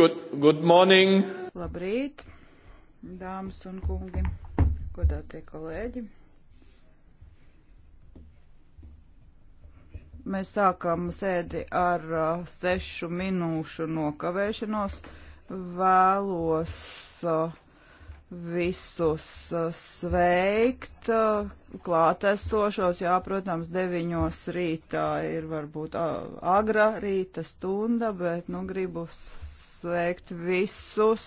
Good, good morning. Labrīt, dāmas un kungi, godātie kolēģi. Mēs sākam sēdi ar uh, sešu minūšu nokavēšanos. Vēlos uh, visus uh, sveikt, uh, klātesošos, jā, protams, deviņos rītā ir varbūt uh, agra rīta stunda, bet, nu, gribu sveikt visus.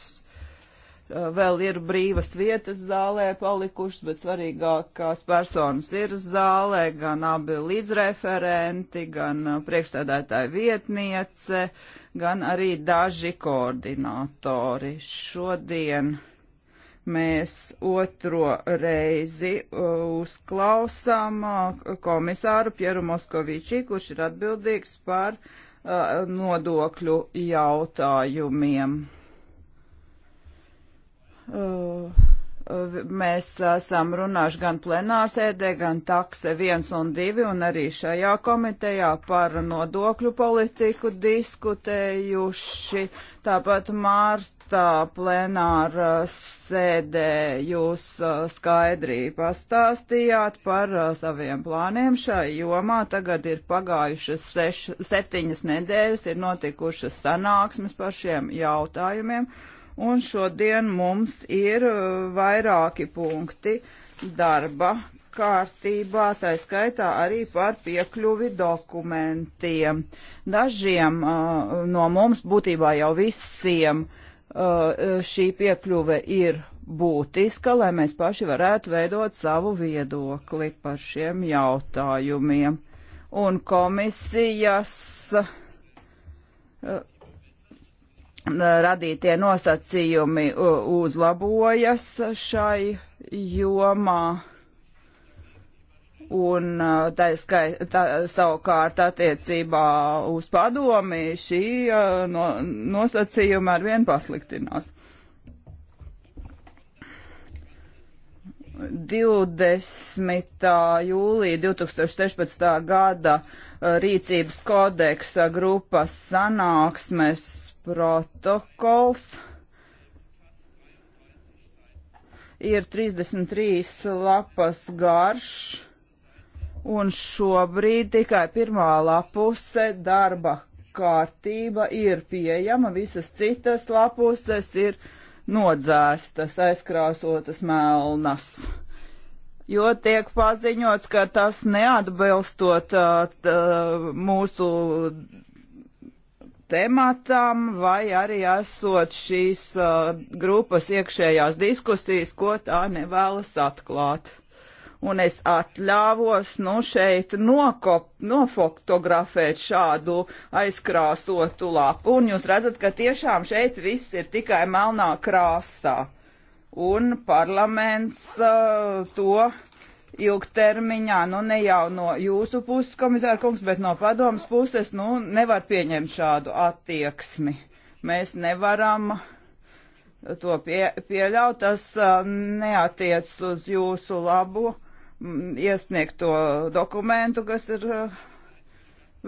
Uh, vēl ir brīvas vietas zālē palikušas, bet svarīgākās personas ir zālē, gan abi līdzreferenti, gan uh, priekšstādātāja vietniece, gan arī daži koordinatori. Šodien mēs otro reizi uh, uzklausām komisāru Pieru Moskovičī, kurš ir atbildīgs par uh, nodokļu jautājumiem. Mēs esam runājuši gan plenārsēdē, gan takse viens un divi, un arī šajā komitejā par nodokļu politiku diskutējuši. Tāpat mārt plenāra sēdē jūs uh, skaidri pastāstījāt par uh, saviem plāniem šai jomā. Tagad ir pagājušas seš, septiņas nedēļas, ir notikušas sanāksmes par šiem jautājumiem, un šodien mums ir uh, vairāki punkti darba kārtībā, tā skaitā arī par piekļuvi dokumentiem. Dažiem uh, no mums, būtībā jau visiem, uh, Uh, šī piekļuve ir būtiska, lai mēs paši varētu veidot savu viedokli par šiem jautājumiem. Un komisijas uh, radītie nosacījumi uh, uzlabojas šai jomā Un tā ir skaitā savukārt attiecībā uz padomi šī no, nosacījuma ar vien pasliktinās. 20. jūlija 2016. gada rīcības kodeksa grupas sanāksmes protokols ir 33 lapas garš un šobrīd tikai pirmā lapuse darba kārtība ir pieejama, visas citas lapuses ir nodzēstas, aizkrāsotas melnas. Jo tiek paziņots, ka tas neatbilstot tā, mūsu tematam, vai arī esot šīs uh, grupas iekšējās diskusijas, ko tā nevēlas atklāt un es atļāvos nu šeit nokop, nofotografēt šādu aizkrāsotu lapu, un jūs redzat, ka tiešām šeit viss ir tikai melnā krāsā, un parlaments uh, to ilgtermiņā, nu ne jau no jūsu puses, komisāra kungs, bet no padomas puses, nu nevar pieņemt šādu attieksmi. Mēs nevaram to pie, pieļaut, tas uh, neatiec uz jūsu labo Mm, iesniegto dokumentu, kas ir eh,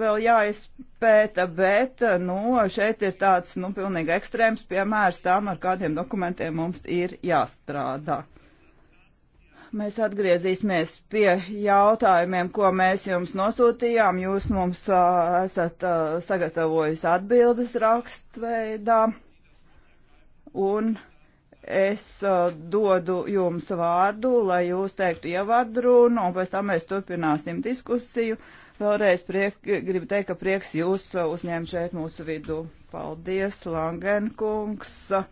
vēl jāizpēta, bet, eh, nu, šeit ir tāds, nu, pilnīgi ekstrēms piemērs tām, ar kādiem dokumentiem mums ir jāstrādā. Mēs atgriezīsimies pie jautājumiem, ko mēs jums nosūtījām. Jūs mums uh, esat uh, sagatavojis atbildes rakstveidā. Un uh, es uh, dodu jums vārdu, lai jūs teiktu ievadrunu, un pēc tam mēs turpināsim diskusiju. Vēlreiz priek, gribu teikt, ka prieks jūs uh, uzņēma šeit mūsu vidū. Paldies, Langenkungs, uh,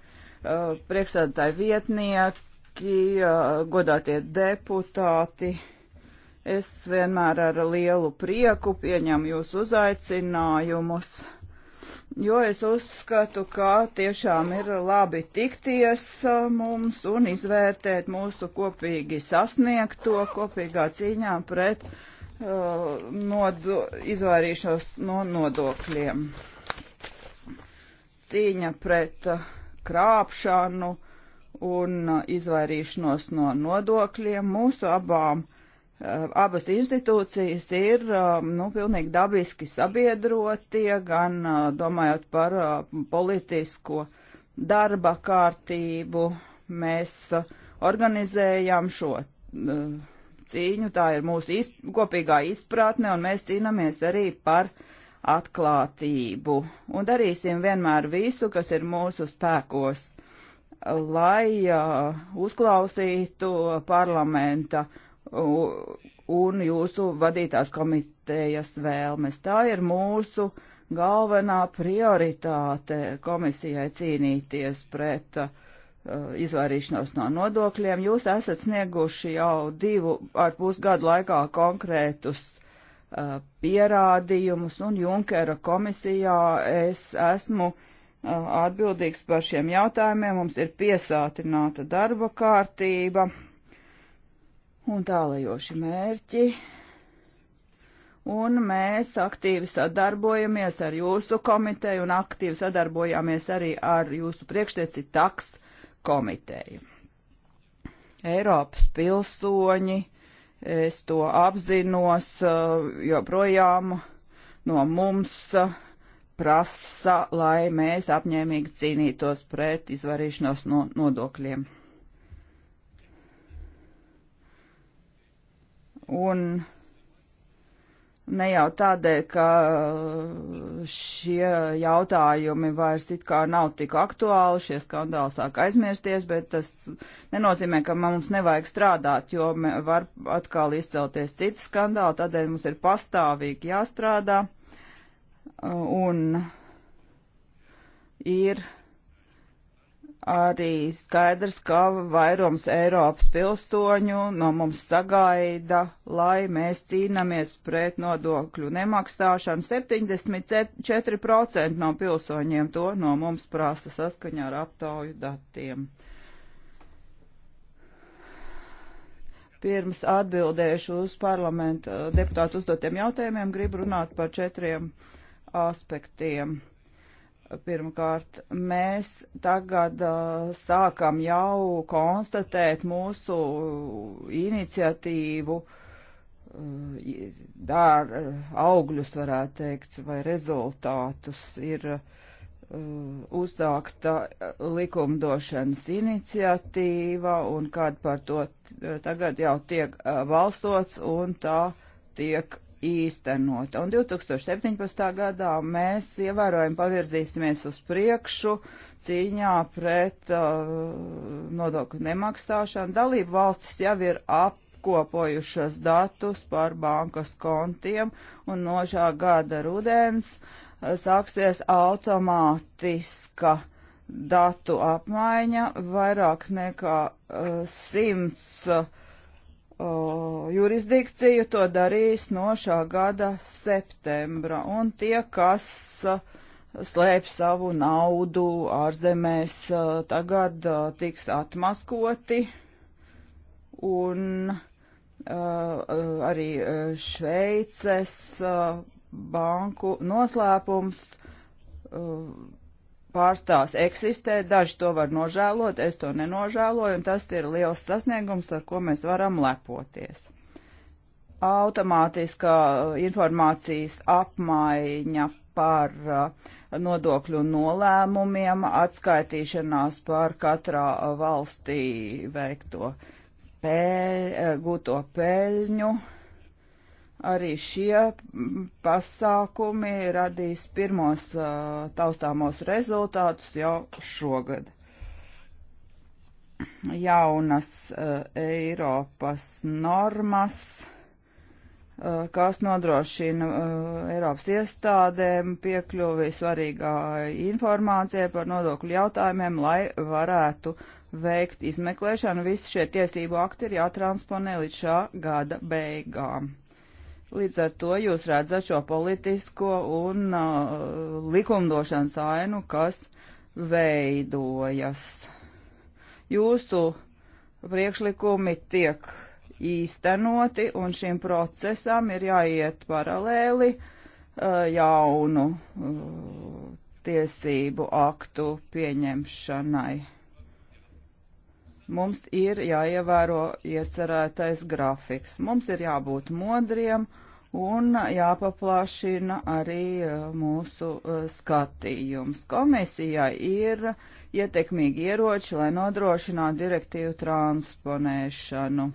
priekšsēdētāji vietnieki, uh, godātie deputāti. Es vienmēr ar lielu prieku pieņemu jūsu uzaicinājumus jo es uzskatu, ka tiešām ir labi tikties uh, mums un izvērtēt mūsu kopīgi sasniegto kopīgā cīņā pret uh, nodo, izvairīšos no nodokļiem. Cīņa pret uh, krāpšanu un uh, izvairīšanos no nodokļiem mūsu abām Eh, abas institūcijas ir eh, nu, pilnīgi dabiski sabiedrotie, gan eh, domājot par politisko darba kārtību. Mēs organizējam šo cīņu, tā ir mūsu iz, kopīgā izpratne, un mēs cīnāmies arī par atklātību. Un darīsim vienmēr visu, kas ir mūsu spēkos, lai uh, uzklausītu parlamenta uh, un jūsu vadītās komitejas vēlmes. Tā ir mūsu galvenā prioritāte komisijai cīnīties pret uh, izvairīšanos no nodokļiem. Jūs esat snieguši jau divu ar pusgadu laikā konkrētus uh, pierādījumus, un Junkera komisijā es esmu uh, atbildīgs par šiem jautājumiem. Mums ir piesātināta darba kārtība un tālajoši mērķi. Un mēs aktīvi sadarbojamies ar jūsu komiteju un aktīvi sadarbojamies arī ar jūsu priekšteci taks komiteju. Eiropas pilsoņi, es to apzinos, eh, joprojām no mums eh, prasa, lai mēs apņēmīgi cīnītos pret izvarīšanos no nodokļiem. Un ne jau tādēļ, ka šie jautājumi vairs it kā nav tik aktuāli, šie skandāli sāk aizmirsties, bet tas nenozīmē, ka mums nevajag strādāt, jo var atkal izcelties citi skandāli, tādēļ mums ir pastāvīgi jāstrādā un ir arī skaidrs, ka vairums Eiropas pilsoņu no mums sagaida, lai mēs cīnāmies pret nodokļu nemaksāšanu. 74% no pilsoņiem to no mums prasa saskaņā ar aptauju datiem. Pirms atbildēšu uz parlamenta deputātu uzdotiem jautājumiem, gribu runāt par četriem aspektiem pirmkārt, mēs tagad uh, sākam jau konstatēt mūsu iniciatīvu uh, dar augļus, varētu teikt, vai rezultātus ir uh, uzdākta likumdošanas iniciatīva un kād par to tagad jau tiek uh, balsots un tā tiek īstenota. Un 2017. gadā mēs ievērojami pavirzīsimies uz priekšu cīņā pret uh, nodokļu nemaksāšanu. Dalību valstis jau ir apkopojušas datus par bankas kontiem un no šā gada rudens uh, sāksies automātiska datu apmaiņa vairāk nekā uh, simts. Uh, jurisdikciju to darīs no šā gada septembra. Un tie, kas slēp savu naudu ārzemēs, tagad tiks atmaskoti. Un arī Šveices banku noslēpums pārstāvs eksistē, daži to var nožēlot, es to nenožēloju, un tas ir liels sasniegums, ar ko mēs varam lepoties. Automātiskā informācijas apmaiņa par uh, nodokļu nolēmumiem, atskaitīšanās par katrā valstī veikto pēļ, uh, gūto peļņu, Arī šie pasākumi radīs pirmos uh, taustāmos rezultātus jau šogad. Jaunas uh, Eiropas normas, uh, kas nodrošina Eiropas iestādēm piekļuvi svarīgā informācija par nodokļu jautājumiem, lai varētu veikt izmeklēšanu. Visi šie tiesību akti ir jātransponē līdz šā gada beigām. Līdz ar to jūs redzat šo politisko un uh, likumdošanas ainu, kas veidojas. Jūsu priekšlikumi tiek īstenoti, un šim procesam ir jāiet paralēli uh, jaunu uh, tiesību aktu pieņemšanai. Mums ir jāievēro iecerētais grafiks. Mums ir jābūt modriem. Uh, un jāpaplašina arī e, mūsu e, skatījums. Komisijai ir ietekmīgi ieroči, lai nodrošinātu direktīvu transponēšanu.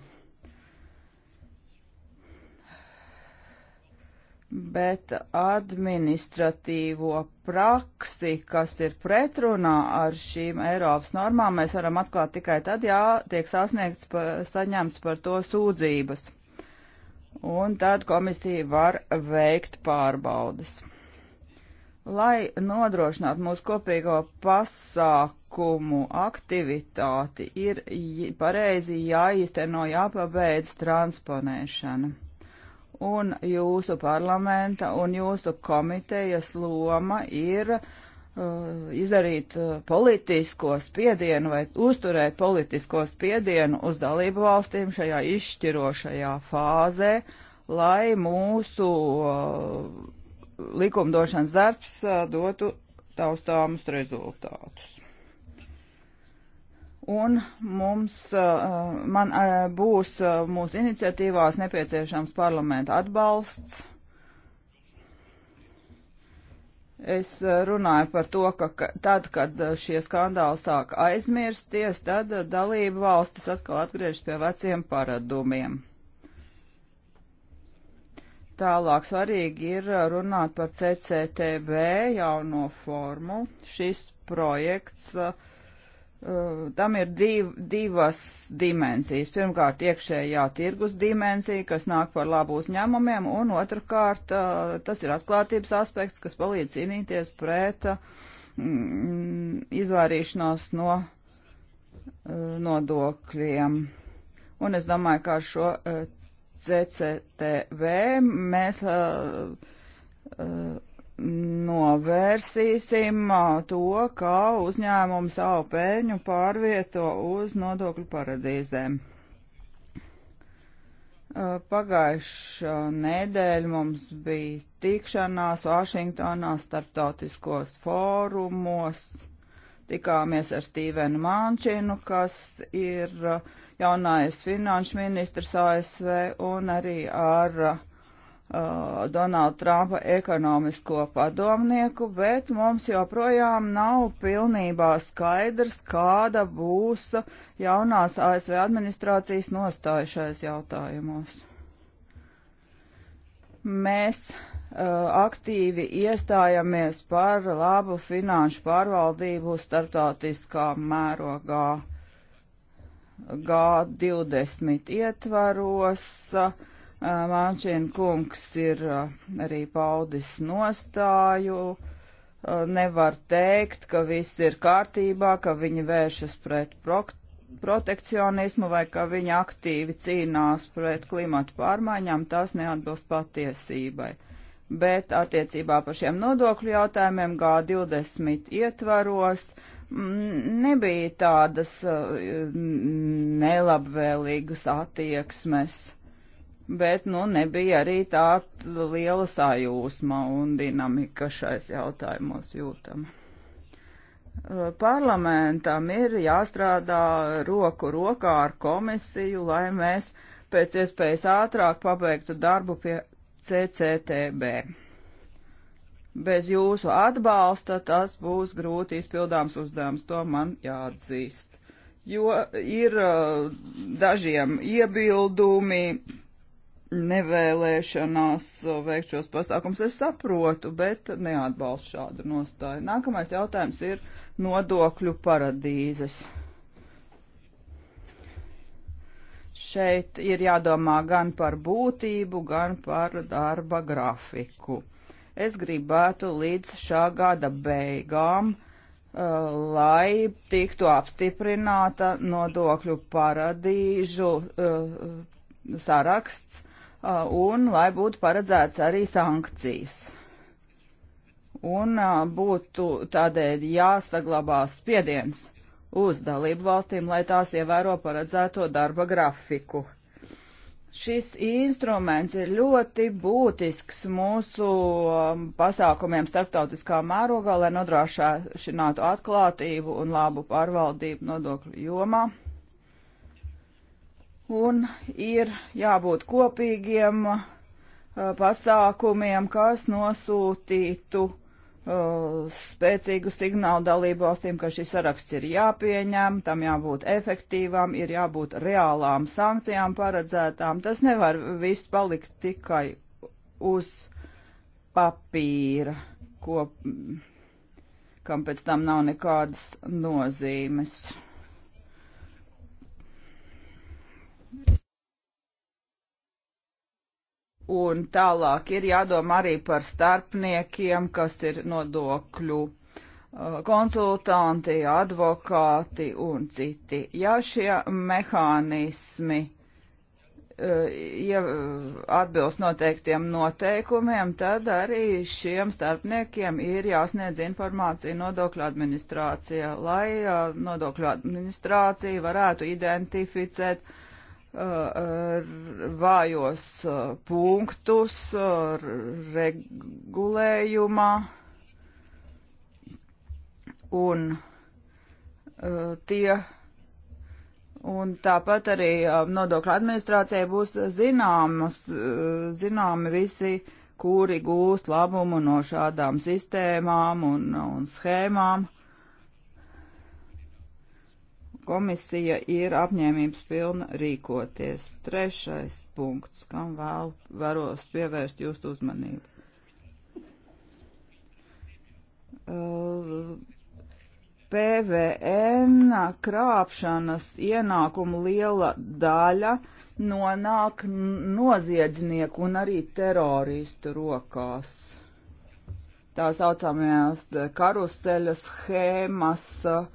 Bet administratīvo praksi, kas ir pretrunā ar šīm Eiropas normām, mēs varam atklāt tikai tad, ja tiek sasniegts, pa, saņemts par to sūdzības un tad komisija var veikt pārbaudas. Lai nodrošinātu mūsu kopīgo pasākumu aktivitāti, ir pareizi jāīsteno jāpabeidz transponēšana. Un jūsu parlamenta un jūsu komitejas loma ir uh, Uh, izdarīt uh, politisko spiedienu vai uzturēt politisko spiedienu uz dalību valstīm šajā izšķirošajā fāzē, lai mūsu uh, likumdošanas darbs dotu taustāmus rezultātus. Un mums, man būs mūsu iniciatīvās nepieciešams parlamenta atbalsts Es eh, runāju par to, ka tad, kad eh, šie skandāli sāk aizmirsties, tad eh, dalība valstis atkal atgriežas pie veciem paradumiem. Tālāk svarīgi ir runāt par CCTB jauno formu. Šis projekts uh, Eh, tam ir div, divas dimensijas. Pirmkārt, iekšējā tirgus dimensija, kas nāk par labu uzņēmumiem, un otrkārt, eh, tas ir atklātības aspekts, kas palīdz cīnīties pret eh, mm, izvairīšanos no nodokļiem. Un es domāju, kā šo CCTV mēs uh, uh, novērsīsim to, ka uzņēmums savu nu pēļņu pārvieto uz nodokļu paradīzēm. Pagājušā nedēļa mums bija tikšanās Vašingtonā starptautiskos fórumos. Tikāmies ar Stīvenu Mančinu, kas ir jaunais finanšu ministrs ASV, un arī ar uh, Uh, Donalda Trumpa ekonomisko padomnieku, bet mums joprojām nav pilnībā skaidrs, kāda būs jaunās ASV administrācijas nostāja šais jautājumos. Mēs uh, aktīvi iestājamies par labu finanšu pārvaldību starptautiskā mērogā G20 ietvaros. Uh, Mančēna kungs ir arī paudis nostāju. Nevar teikt, ka viss ir kārtībā, ka viņi vēršas pret protekcionismu vai ka viņi aktīvi cīnās pret klimatu pārmaiņām. Tas neatbilst patiesībai. Bet attiecībā par šiem nodokļu jautājumiem G20 ietvaros mm, nebija tādas nelabvēlīgas attieksmes bet nu, nebija arī tā liela sajūsma un dinamika šais jautājumos jūtama. Parlamentam ir jāstrādā roku rokā ar komisiju, lai mēs pēc iespējas ātrāk pabeigtu darbu pie CCTB. Bez jūsu atbalsta tas būs grūti izpildāms uzdevums, to man jāatzīst. Jo ir dažiem iebildumi, nevēlēšanās veikt šos pasākums, es saprotu, bet neatbalstu šādu nostāju. Nākamais jautājums ir nodokļu paradīzes. Šeit ir jādomā gan par būtību, gan par darba grafiku. Es gribētu līdz šā gada beigām uh, lai tiktu apstiprināta nodokļu paradīžu uh, saraksts, Uh, un lai būtu paredzēts arī sankcijas. Un uh, būtu tādēļ jāsaglabā spiediens uz dalību valstīm, lai tās ievēro paredzēto darba grafiku. Šis instruments ir ļoti būtisks mūsu um, pasākumiem starptautiskā mērogā, lai nodrošinātu atklātību un labu pārvaldību nodokļu jomā un ir jābūt kopīgiem uh, pasākumiem, kas nosūtītu uh, spēcīgu signālu dalību valstīm, ka šis saraksts ir jāpieņem, tam jābūt efektīvām, ir jābūt reālām sankcijām paredzētām. Tas nevar viss palikt tikai uz papīra, ko, mm, kam pēc tam nav nekādas nozīmes. Un tālāk ir jādomā arī par starpniekiem, kas ir nodokļu uh, konsultanti, advokāti un citi. Ja šie mehānismi uh, ja atbilst noteiktiem noteikumiem, tad arī šiem starpniekiem ir jāsniedz informācija nodokļu administrācijā, lai uh, nodokļu administrācija varētu identificēt Uh, uh, vājos uh, punktus regulējumā un tie Un tāpat arī nodokļu administrācijai būs zināmas, zināmi visi, kuri gūst labumu no šādām sistēmām un, un schēmām komisija ir apņēmības pilna rīkoties. Trešais punkts, kam vēl varos pievērst jūsu uzmanību. PVN krāpšanas ienākumu liela daļa nonāk noziedznieku un arī teroristu rokās. Tā saucamajās karuseļa schēmas uh,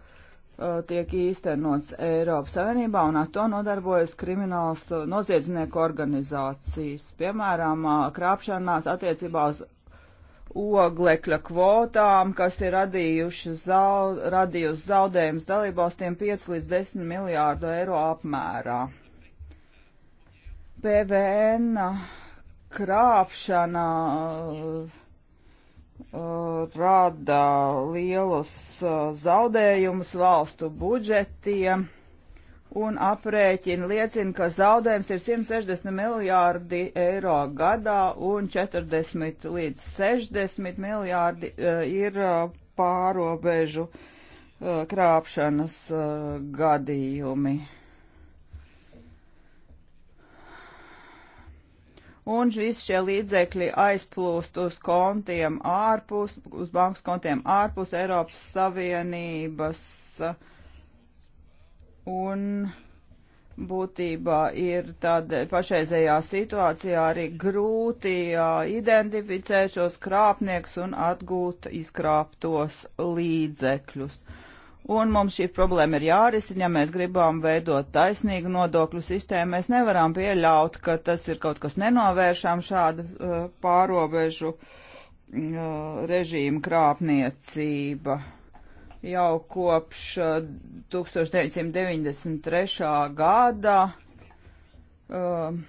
Uh, tiek īstenots Eiropas Savienībā, un ar to nodarbojas krimināls uh, noziedznieku organizācijas. Piemēram, uh, krāpšanās attiecībā uz oglekļa kvotām, kas ir radījuši zaud, radījusi zaudējumus dalībvalstīm 5 līdz 10 miljārdu eiro apmērā. PVN krāpšana. Uh, Uh, rada lielus uh, zaudējumus valstu budžetiem un aprēķini liecina, ka zaudējums ir 160 miljārdi eiro gadā un 40 līdz 60 miljārdi uh, ir uh, pārobežu uh, krāpšanas uh, gadījumi. un visi šie līdzekļi aizplūst uz kontiem ārpus, uz bankas kontiem ārpus Eiropas Savienības, un būtībā ir tāda pašreizējā situācijā arī grūti identificēt šos krāpniekus un atgūt izkrāptos līdzekļus. Uh, Un mums šī problēma ir jārisina, ja mēs gribam veidot taisnīgu nodokļu sistēmu. Mēs nevaram pieļaut, ka tas ir kaut kas nenovēršām šādu uh, pārobežu uh, režīmu krāpniecība. Jau kopš uh, 1993. gada uh,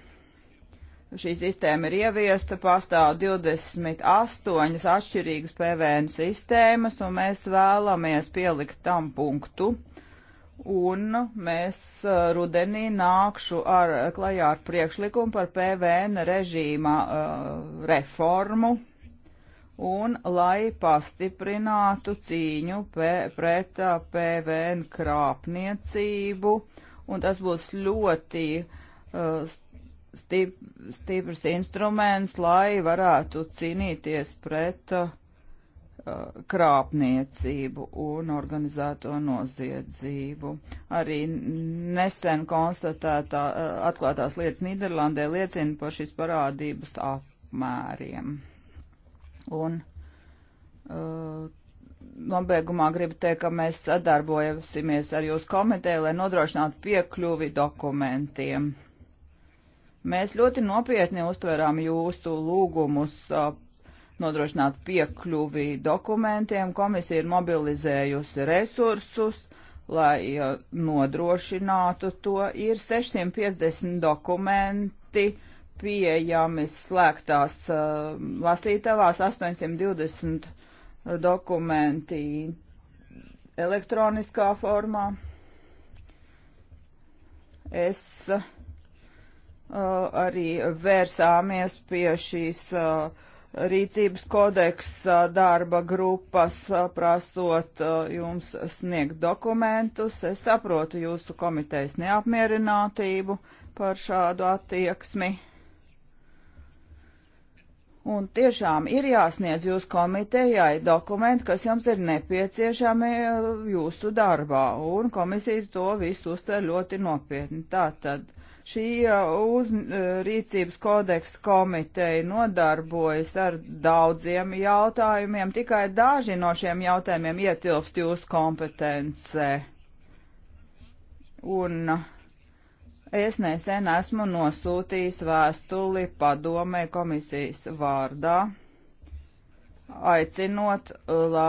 šī sistēma ir ieviesta, pastāv 28 atšķirīgas PVN sistēmas, un mēs vēlamies pielikt tam punktu. Un mēs uh, rudenī nākšu ar, klajā ar priekšlikumu par PVN režīma uh, reformu, un lai pastiprinātu cīņu pret uh, PVN krāpniecību, un tas būs ļoti uh, stip, stiprs instruments, lai varētu cīnīties pret uh, krāpniecību un organizēto noziedzību. Arī nesen konstatētā uh, atklātās lietas Nīderlandē liecina par šīs parādības apmēriem. Un uh, nobeigumā gribu teikt, ka mēs sadarbojasimies ar jūsu komiteju, lai nodrošinātu piekļuvi dokumentiem Mēs ļoti nopietni uztverām jūsu lūgumus nodrošināt piekļuvi dokumentiem. Komisija ir mobilizējusi resursus, lai nodrošinātu to. Ir 650 dokumenti pieejami slēgtās lasītavās, 820 dokumenti elektroniskā formā. Es uh, Uh, arī vērsāmies pie šīs uh, rīcības kodeksa uh, darba grupas, prasot jums sniegt dokumentus. Es saprotu jūsu komitejas neapmierinātību par šādu attieksmi. Un tiešām ir jāsniedz jūs komitejai dokumenti, kas jums ir nepieciešami jūsu darbā, un komisija to visu uztver ļoti nopietni. Tātad Šī uh, uz, uh, rīcības kodeksa komiteja nodarbojas ar daudziem jautājumiem, tikai daži no šiem jautājumiem ietilpst jūsu kompetencē. Un uh, es nesen esmu nosūtījis vēstuli padomē komisijas vārdā aicinot la,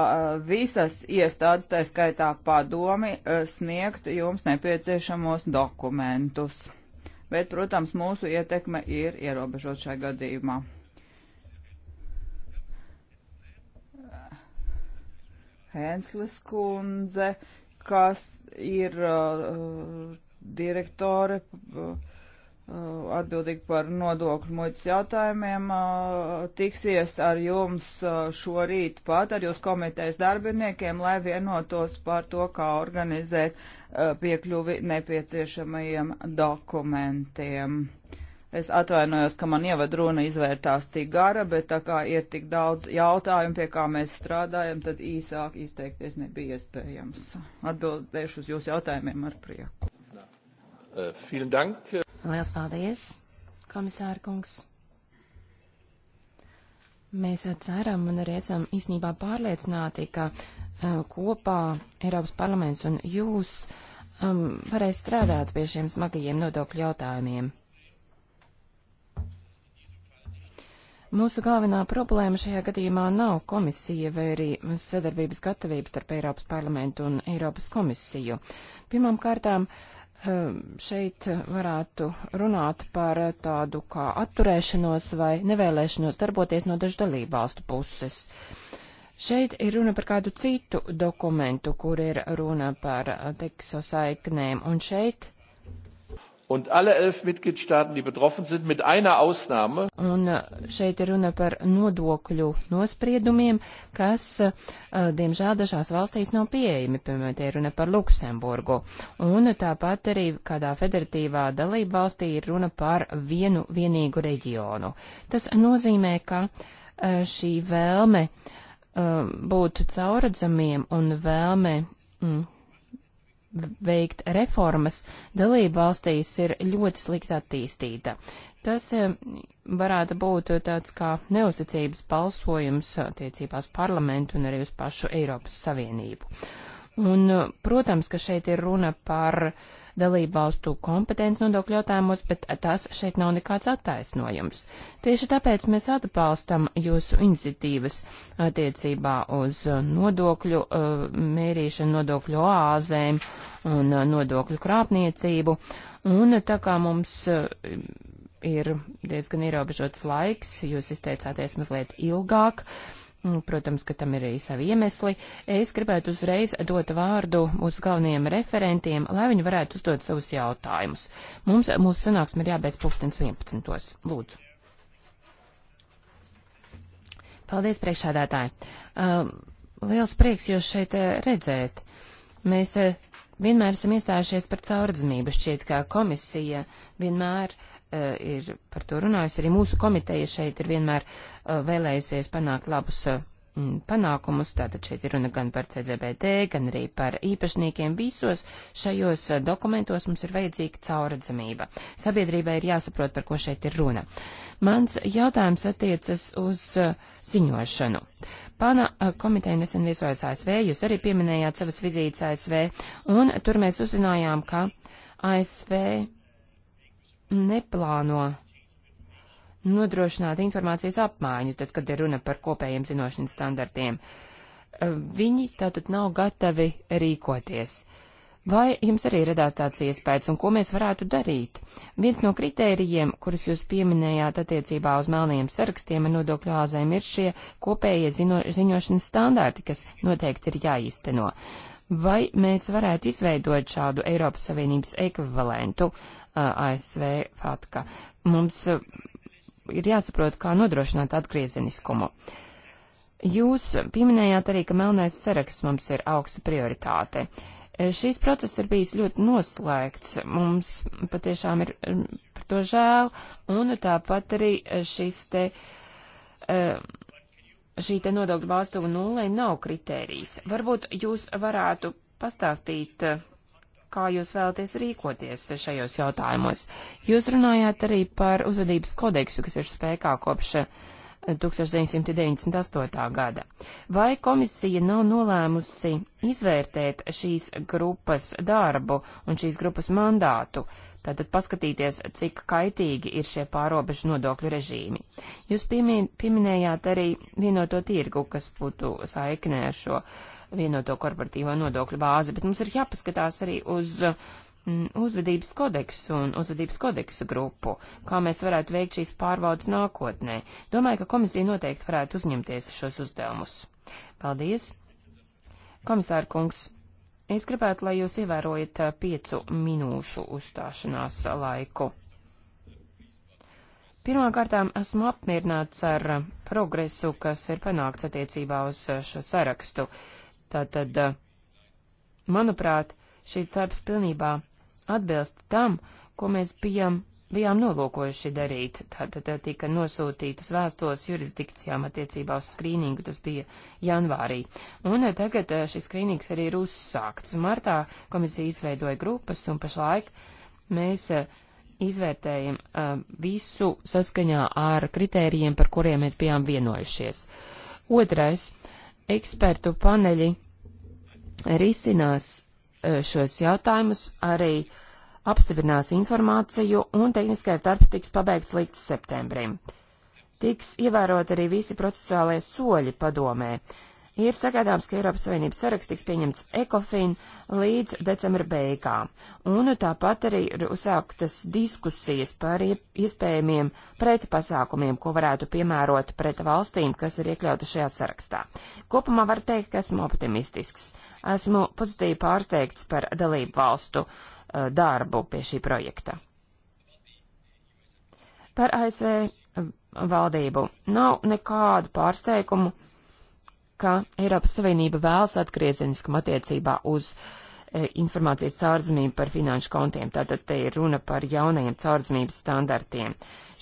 visas iestādes, tā skaitā padomi, sniegt jums nepieciešamos dokumentus bet, protams, mūsu ietekme ir ierobežot šajā gadījumā. Henslis kundze, kas ir uh, direktore. Uh, Uh, atbildīgi par nodokļu muitas jautājumiem, uh, tiksies ar jums uh, šorīt pat, ar jūs komitejas darbiniekiem, lai vienotos par to, kā organizēt piekļuvi nepieciešamajiem dokumentiem. Es atvainojos, ka man ievadruna izvērtās tik gara, bet tā kā ir tik daudz jautājumu, pie kā mēs strādājam, tad īsāk izteikties nebija iespējams. Atbildēšu uz jūsu jautājumiem ar prieku. Äh, vielen dank. Liels paldies, komisāra kungs. Mēs ceram un arī esam īstenībā pārliecināti, ka uh, kopā Eiropas parlaments un jūs um, varēs strādāt pie šiem smagajiem nodokļu jautājumiem. Mūsu galvenā problēma šajā gadījumā nav komisija vai arī sadarbības gatavības starp Eiropas parlamentu un Eiropas komisiju. Pirmām kārtām, uh, Ehm, šeit varētu runāt par tādu kā atturēšanos vai nevēlēšanos darboties no dažu dalībvalstu puses. Šeit ir runa par kādu citu dokumentu, kur ir runa par eh, tekso saiknēm, un šeit Un alle elf Mitgliedstaaten, die betroffen sind, mit einer Ausnahme. Un uh, šeit ir runa par nodokļu nospriedumiem, kas, uh, diemžēl, dažās valstīs nav pieejami, piemēram, te ir runa par Luksemburgu. Un tāpat arī kādā federatīvā dalība valstī ir runa par vienu vienīgu reģionu. Tas nozīmē, ka uh, šī vēlme būt cauradzamiem un vēlme mm, veikt reformas, dalība valstīs ir ļoti slikti attīstīta. Tas eh, varētu būt tāds kā neusticības balsojums attiecībās parlamentu un arī uz pašu Eiropas Savienību. Un, eh, protams, ka šeit ir runa par uh, dalību valstu kompetenci nodokļu jautājumos, bet tas šeit nav nekāds attaisnojums. Tieši tāpēc mēs atbalstam jūsu iniciatīvas attiecībā uz nodokļu uh, mērīšanu, nodokļu oāzēm un uh, nodokļu krāpniecību. Un tā kā mums uh, ir diezgan ierobežots laiks, jūs izteicāties mazliet ilgāk. Uh, Mm, protams, ka tam ir arī savi iemesli. Es gribētu uzreiz dot vārdu mūsu galvenajiem referentiem, lai viņi varētu uzdot savus jautājumus. Mums mūsu sanāksme ir jābeidz pulkstens 11. Lūdzu. Paldies, priekšādātāji. Uh, um, liels prieks jūs šeit uh, redzēt. Mēs uh, vienmēr esam iestājušies par caurdzamību. Šķiet, ka komisija vienmēr uh, E, ir par to runājusi. Arī mūsu komiteja šeit ir vienmēr e, vēlējusies panākt labus e, panākumus. Tātad šeit ir runa gan par CZBT, gan arī par īpašniekiem. Visos šajos dokumentos mums ir vajadzīga cauradzamība. Sabiedrībai ir jāsaprot, par ko šeit ir runa. Mans jautājums attiecas uz ziņošanu. Pana komiteja nesen viesojas ASV, jūs arī pieminējāt savas vizītes ASV, un tur mēs uzzinājām, ka ASV neplāno nodrošināt informācijas apmaiņu, tad, kad ir runa par kopējiem zinošanas standartiem. Eh, viņi tātad nav gatavi rīkoties. Vai jums arī radās tāds iespējas, un ko mēs varētu darīt? Viens no kritērijiem, kurus jūs pieminējāt attiecībā uz melniem sarakstiem ar nodokļu āzēm, ir šie kopējie zino, ziņošanas standarti, kas noteikti ir jāizteno. Vai mēs varētu izveidot šādu Eiropas Savienības ekvivalentu? Uh, ASV fatka. Mums ir jāsaprot, kā nodrošināt atgriezeniskumu. Jūs pieminējāt arī, ka melnais saraksts mums ir augsta prioritāte. Šīs process ir bijis ļoti noslēgts, mums patiešām ir par to žēl, un tāpat arī šis te, šī te nodokļu balstuva nullei nav kritērijs. Varbūt jūs varētu pastāstīt kā jūs vēlaties rīkoties šajos jautājumos. Jūs runājāt arī par uzvedības kodeksu, kas ir spēkā kopš 1998. gada. Vai komisija nav nolēmusi izvērtēt šīs grupas darbu un šīs grupas mandātu, tātad paskatīties, cik kaitīgi ir šie pārobežu nodokļu režīmi? Jūs piemin, pieminējāt arī vienoto tirgu, kas būtu saiknē ar šo vienoto korporatīvo nodokļu bāzi, bet mums ir jāpaskatās arī uz uh, Mm, uzvedības kodeksu un uzvedības kodeksu grupu, kā mēs varētu veikt šīs pārbaudas nākotnē. Domāju, ka komisija noteikti varētu uzņemties šos uzdevumus. Paldies! Komisāra kungs, es gribētu, lai jūs ievērojat piecu minūšu uzstāšanās laiku. Pirmkārtām esmu apmierināts ar progresu, kas ir panākts attiecībā uz šo sarakstu. Tātad, manuprāt, šīs darbs pilnībā atbilst tam, ko mēs bijām, bijām nolūkojuši darīt. Tātad tika nosūtītas vēstules jurisdikcijām attiecībā uz skrīningu, tas bija janvārī. Un eh, tagad eh, šis skrīnings arī ir uzsākts. Martā komisija izveidoja grupas un pašlaik mēs eh, izvērtējam visu saskaņā ar kritērijiem, par kuriem mēs bijām vienojušies. Otrais - ekspertu paneļi risinās Eh, šos jautājumus, arī apstiprinās informāciju un tehniskais darbs tiks pabeigts līdz septembrim. Tiks ievērot arī visi procesuālie soļi padomē. Ir sagaidāms, ka Eiropas Savienības saraksts tiks pieņemts ECOFIN līdz decembra beigām, un tāpat arī ir uzsāktas diskusijas par iespējamiem pretpasākumiem, ko varētu piemērot pret valstīm, kas ir iekļauta šajā sarakstā. Kopumā var teikt, ka esmu optimistisks. Esmu pozitīvi pārsteigts par dalību valstu uh, darbu pie šī projekta par ASV eh, valdību. Nav nekādu pārsteigumu, ka Eiropas Savienība vēlas atgriezeniskumu attiecībā uz e, informācijas caurdzamību par finanšu kontiem. Tātad te ir runa par jaunajiem caurdzamības standartiem.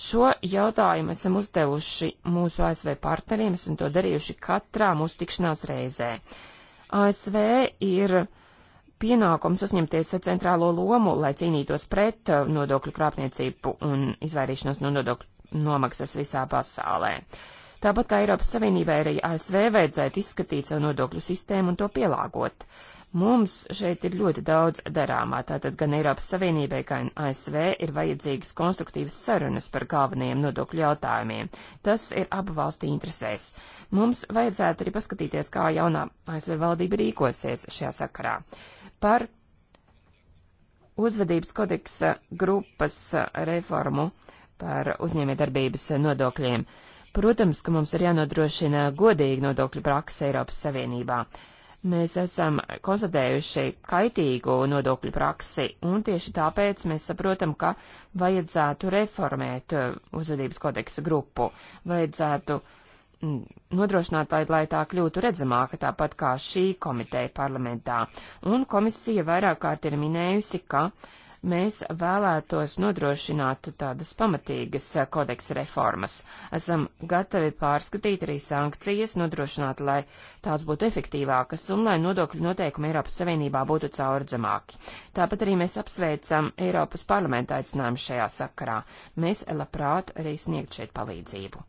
Šo jautājumu esam uzdevuši mūsu ASV partneriem, esam to darījuši katrā mūsu tikšanās reizē. ASV ir pienākums uzņemties centrālo lomu, lai cīnītos pret e, nodokļu krāpniecību un izvairīšanos no nodokļu nomaksas visā pasaulē. Uh, Tāpat kā Eiropas Savienībai arī ASV vajadzētu izskatīt savu nodokļu sistēmu un to pielāgot. Mums šeit ir ļoti daudz darāmā, tātad gan Eiropas Savienībai, gan ASV ir vajadzīgas konstruktīvas sarunas par galvenajiem nodokļu jautājumiem. Tas ir abu valstu interesēs. Mums vajadzētu arī paskatīties, kā jaunā ASV valdība rīkosies šajā sakarā. Par uzvedības kodeksa grupas eh, reformu par uzņēmējdarbības nodokļiem. Protams, ka mums ir jānodrošina godīgi nodokļu praksa Eiropas Savienībā. Mēs esam konstatējuši kaitīgu nodokļu praksi, un tieši tāpēc mēs saprotam, ka vajadzētu reformēt uh, uzvedības kodeksa grupu, vajadzētu mm, nodrošināt, lai, lai tā kļūtu redzamāka, tāpat kā šī komiteja parlamentā. Un komisija vairāk kārt ir minējusi, ka uh, Mēs vēlētos nodrošināt tādas pamatīgas eh, kodeksa reformas. Esam gatavi pārskatīt arī sankcijas, nodrošināt, lai tās būtu efektīvākas un lai nodokļu noteikumi Eiropas Savienībā būtu caurdzamāki. Tāpat arī mēs apsveicam Eiropas parlamenta aicinājumu šajā sakarā. Mēs labprāt arī sniegt šeit palīdzību.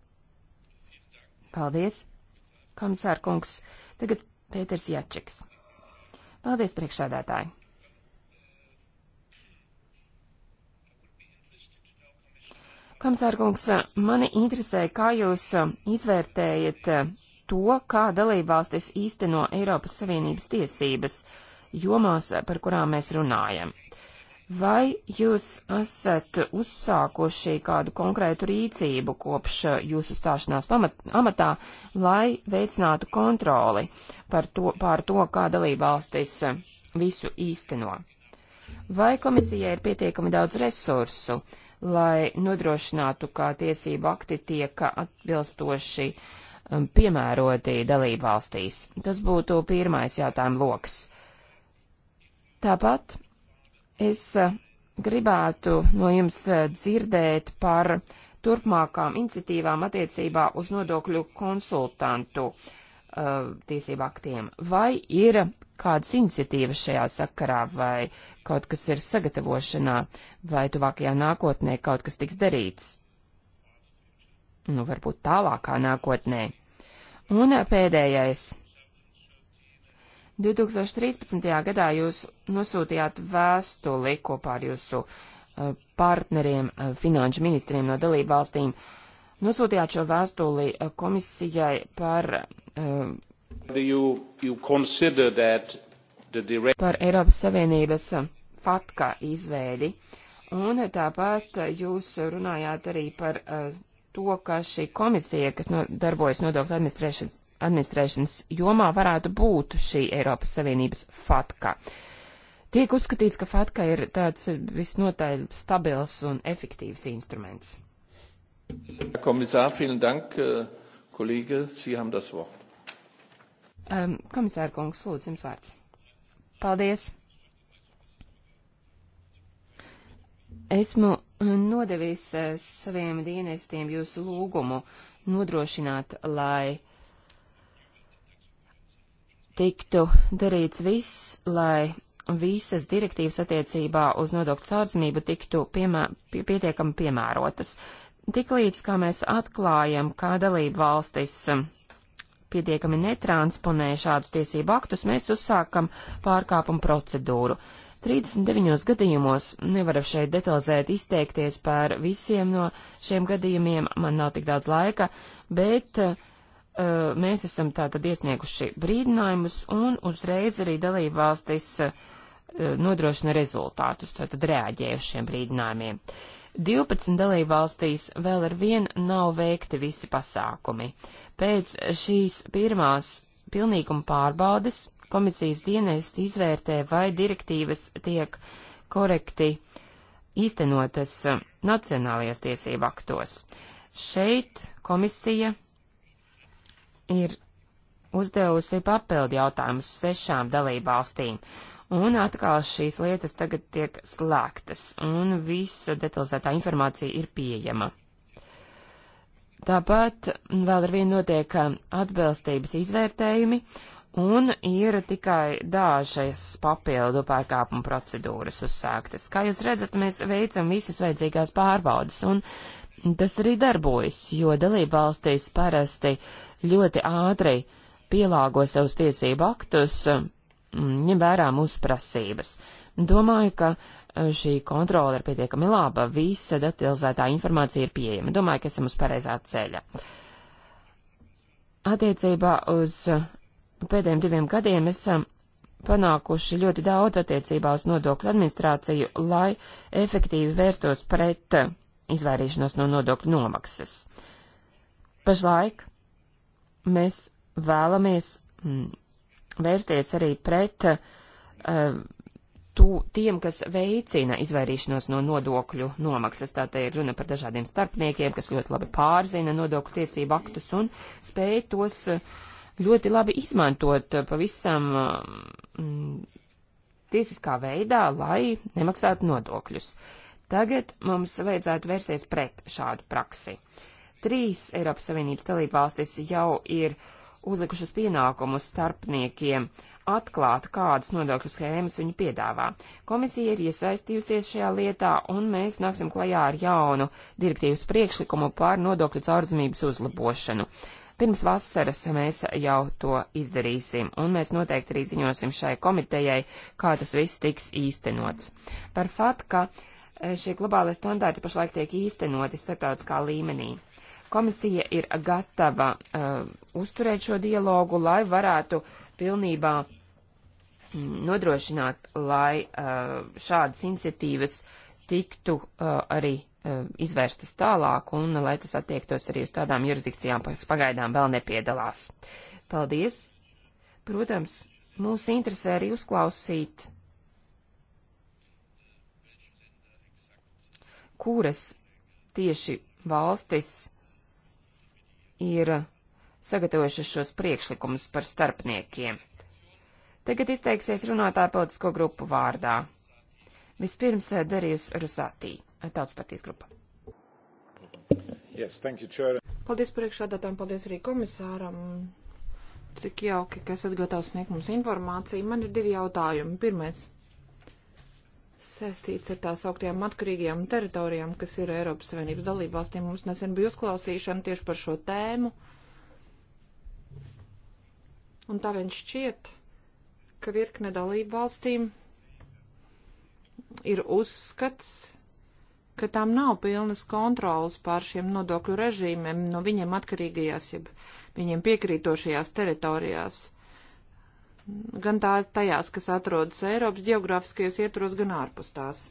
Paldies, komisārkungs. Tagad Pēters Jačiks. Paldies, priekšsēdētāji! Kamsārkungs, mani interesē, kā jūs uh, izvērtējat uh, to, kā dalībvalstis īsteno Eiropas Savienības tiesības jomās, uh, par kurām mēs runājam. Vai jūs esat uzsākuši kādu konkrētu rīcību kopš jūsu stāšanās pamat, amatā, lai veicinātu kontroli par to, pār to, kā dalībvalstis visu īsteno? Vai komisijai ir pietiekami daudz resursu, lai nodrošinātu, ka tiesību akti tiek atbilstoši um, piemēroti dalību valstīs. Tas būtu pirmais jautājuma loks. Tāpat es uh, gribētu no jums uh, dzirdēt par turpmākām iniciatīvām attiecībā uz nodokļu konsultantu uh, tiesību aktiem. Vai ir kādas iniciatīvas šajā sakarā, vai kaut kas ir sagatavošanā, vai tuvākajā nākotnē kaut kas tiks darīts. Nu, varbūt tālākā nākotnē. Un pēdējais. 2013. gadā jūs nosūtījāt vēstuli kopā ar jūsu uh, partneriem, uh, finanšu ministriem no dalību valstīm. Nosūtījāt šo vēstuli uh, komisijai par You, you direct... Par Eiropas Savienības fatka izveidi. Un tāpat jūs runājāt arī par uh, to, ka šī komisija, kas no, darbojas nodokļu administrēšanas, administrēšanas jomā, varētu būt šī Eiropas Savienības fatka. Tiek uzskatīts, ka fatka ir tāds visnotaļ stabils un efektīvs instruments. Komisār, vielen dank, äh, kolēģi, Sie haben das Wort. Um, komisāra kungs, lūdzu, jums vārds. Paldies. Esmu uh, nodevis uh, saviem dienestiem jūsu lūgumu nodrošināt, lai tiktu darīts viss, lai visas direktīvas attiecībā uz nodokļu caurzmību tiktu piemē, pie, pietiekami piemērotas. Tiklīdz, kā mēs atklājam, kā dalība valstis um, pietiekami netransponē šādus tiesību aktus, mēs uzsākam pārkāpumu procedūru. 39 gadījumos nevaru šeit detalizēt izteikties par visiem no šiem gadījumiem, man nav tik daudz laika, bet uh, mēs esam tātad iesnieguši brīdinājumus un uzreiz arī dalībvalstis uh, nodrošina rezultātus, tātad rēģējušiem brīdinājumiem. Uh, 12 dalībvalstīs vēl ar vien nav veikti visi pasākumi. Pēc šīs pirmās pilnīguma pārbaudes komisijas dienesti izvērtē, vai direktīvas tiek korekti īstenotas uh, nacionālajos tiesību aktos. Šeit komisija ir uzdevusi papildu jautājumus sešām dalībvalstīm, un atkal šīs lietas tagad tiek slēgtas, un visa detalizētā informācija ir pieejama. Tāpat vēl ar vienu notiek um, atbilstības izvērtējumi, un ir tikai dažas papildu pārkāpumu procedūras uzsāktas. Kā jūs redzat, mēs veicam visas vajadzīgās pārbaudas, un tas arī darbojas, jo dalība valstīs parasti ļoti ātri pielāgo savus tiesību aktus um, Mm, ņem vērā mūsu prasības. Domāju, ka e, šī kontrola ir pietiekami laba, visa detalizētā informācija ir pieejama. Domāju, ka esam uz pareizā ceļa. Attiecībā uz e, pēdējiem diviem gadiem esam panākuši ļoti daudz attiecībā uz nodokļu administrāciju, lai efektīvi vērstos pret e, izvairīšanos no nodokļu nomaksas. Pašlaik mēs vēlamies mm, vērsties arī pret uh, eh, tū, tiem, kas veicina izvairīšanos no nodokļu nomaksas. Tā te ir runa par dažādiem starpniekiem, kas ļoti labi pārzina nodokļu tiesību aktus un spēj tos eh, ļoti labi izmantot pavisam mm, tiesiskā veidā, lai nemaksātu nodokļus. Tagad mums vajadzētu vērsties pret šādu praksi. Trīs Eiropas Savienības dalībvalstis jau ir uh, uzlikušas pienākumus starpniekiem atklāt, kādas nodokļu schēmas viņi piedāvā. Komisija ir iesaistījusies šajā lietā, un mēs nāksim klajā ar jaunu direktīvas priekšlikumu par nodokļu caurzmības uzlabošanu. Pirms vasaras mēs jau to izdarīsim, un mēs noteikti arī ziņosim šai komitejai, kā tas viss tiks īstenots. Par fakt, ka e, šie globālie standarti pašlaik tiek īstenoti starptautiskā līmenī. Komisija ir gatava uh, uzturēt šo dialogu, lai varētu pilnībā mm, nodrošināt, lai uh, šādas iniciatīvas tiktu uh, arī uh, izvērstas tālāk un lai tas attiektos arī uz tādām jurisdikcijām, kas pagaidām vēl nepiedalās. Paldies! Protams, mūs interesē arī uzklausīt kuras tieši valstis ir sagatavojušas šos priekšlikumus par starpniekiem. Tagad izteiksies runātāja politisko grupu vārdā. Vispirms eh, Darījus Rusatī, eh, tautas partijas grupa. Yes, thank you, Chair. Paldies priekšādātājiem, paldies arī komisāram. Cik jauki, ka esat gatavs sniegt mums informāciju. Man ir divi jautājumi. Pirmais saistīts ar tās augtajām atkarīgajām teritorijām, kas ir Eiropas Savienības dalībvalstīm. Mums nesen bija uzklausīšana tieši par šo tēmu. Un tā viņš šķiet, ka virkne dalībvalstīm ir uzskats, ka tām nav pilnas kontrolas pār šiem nodokļu režīmiem no viņiem atkarīgajās, jeb viņiem piekrītošajās teritorijās gan tās tajās, kas atrodas Eiropas geogrāfiskajos ietvaros, gan ārpus tās.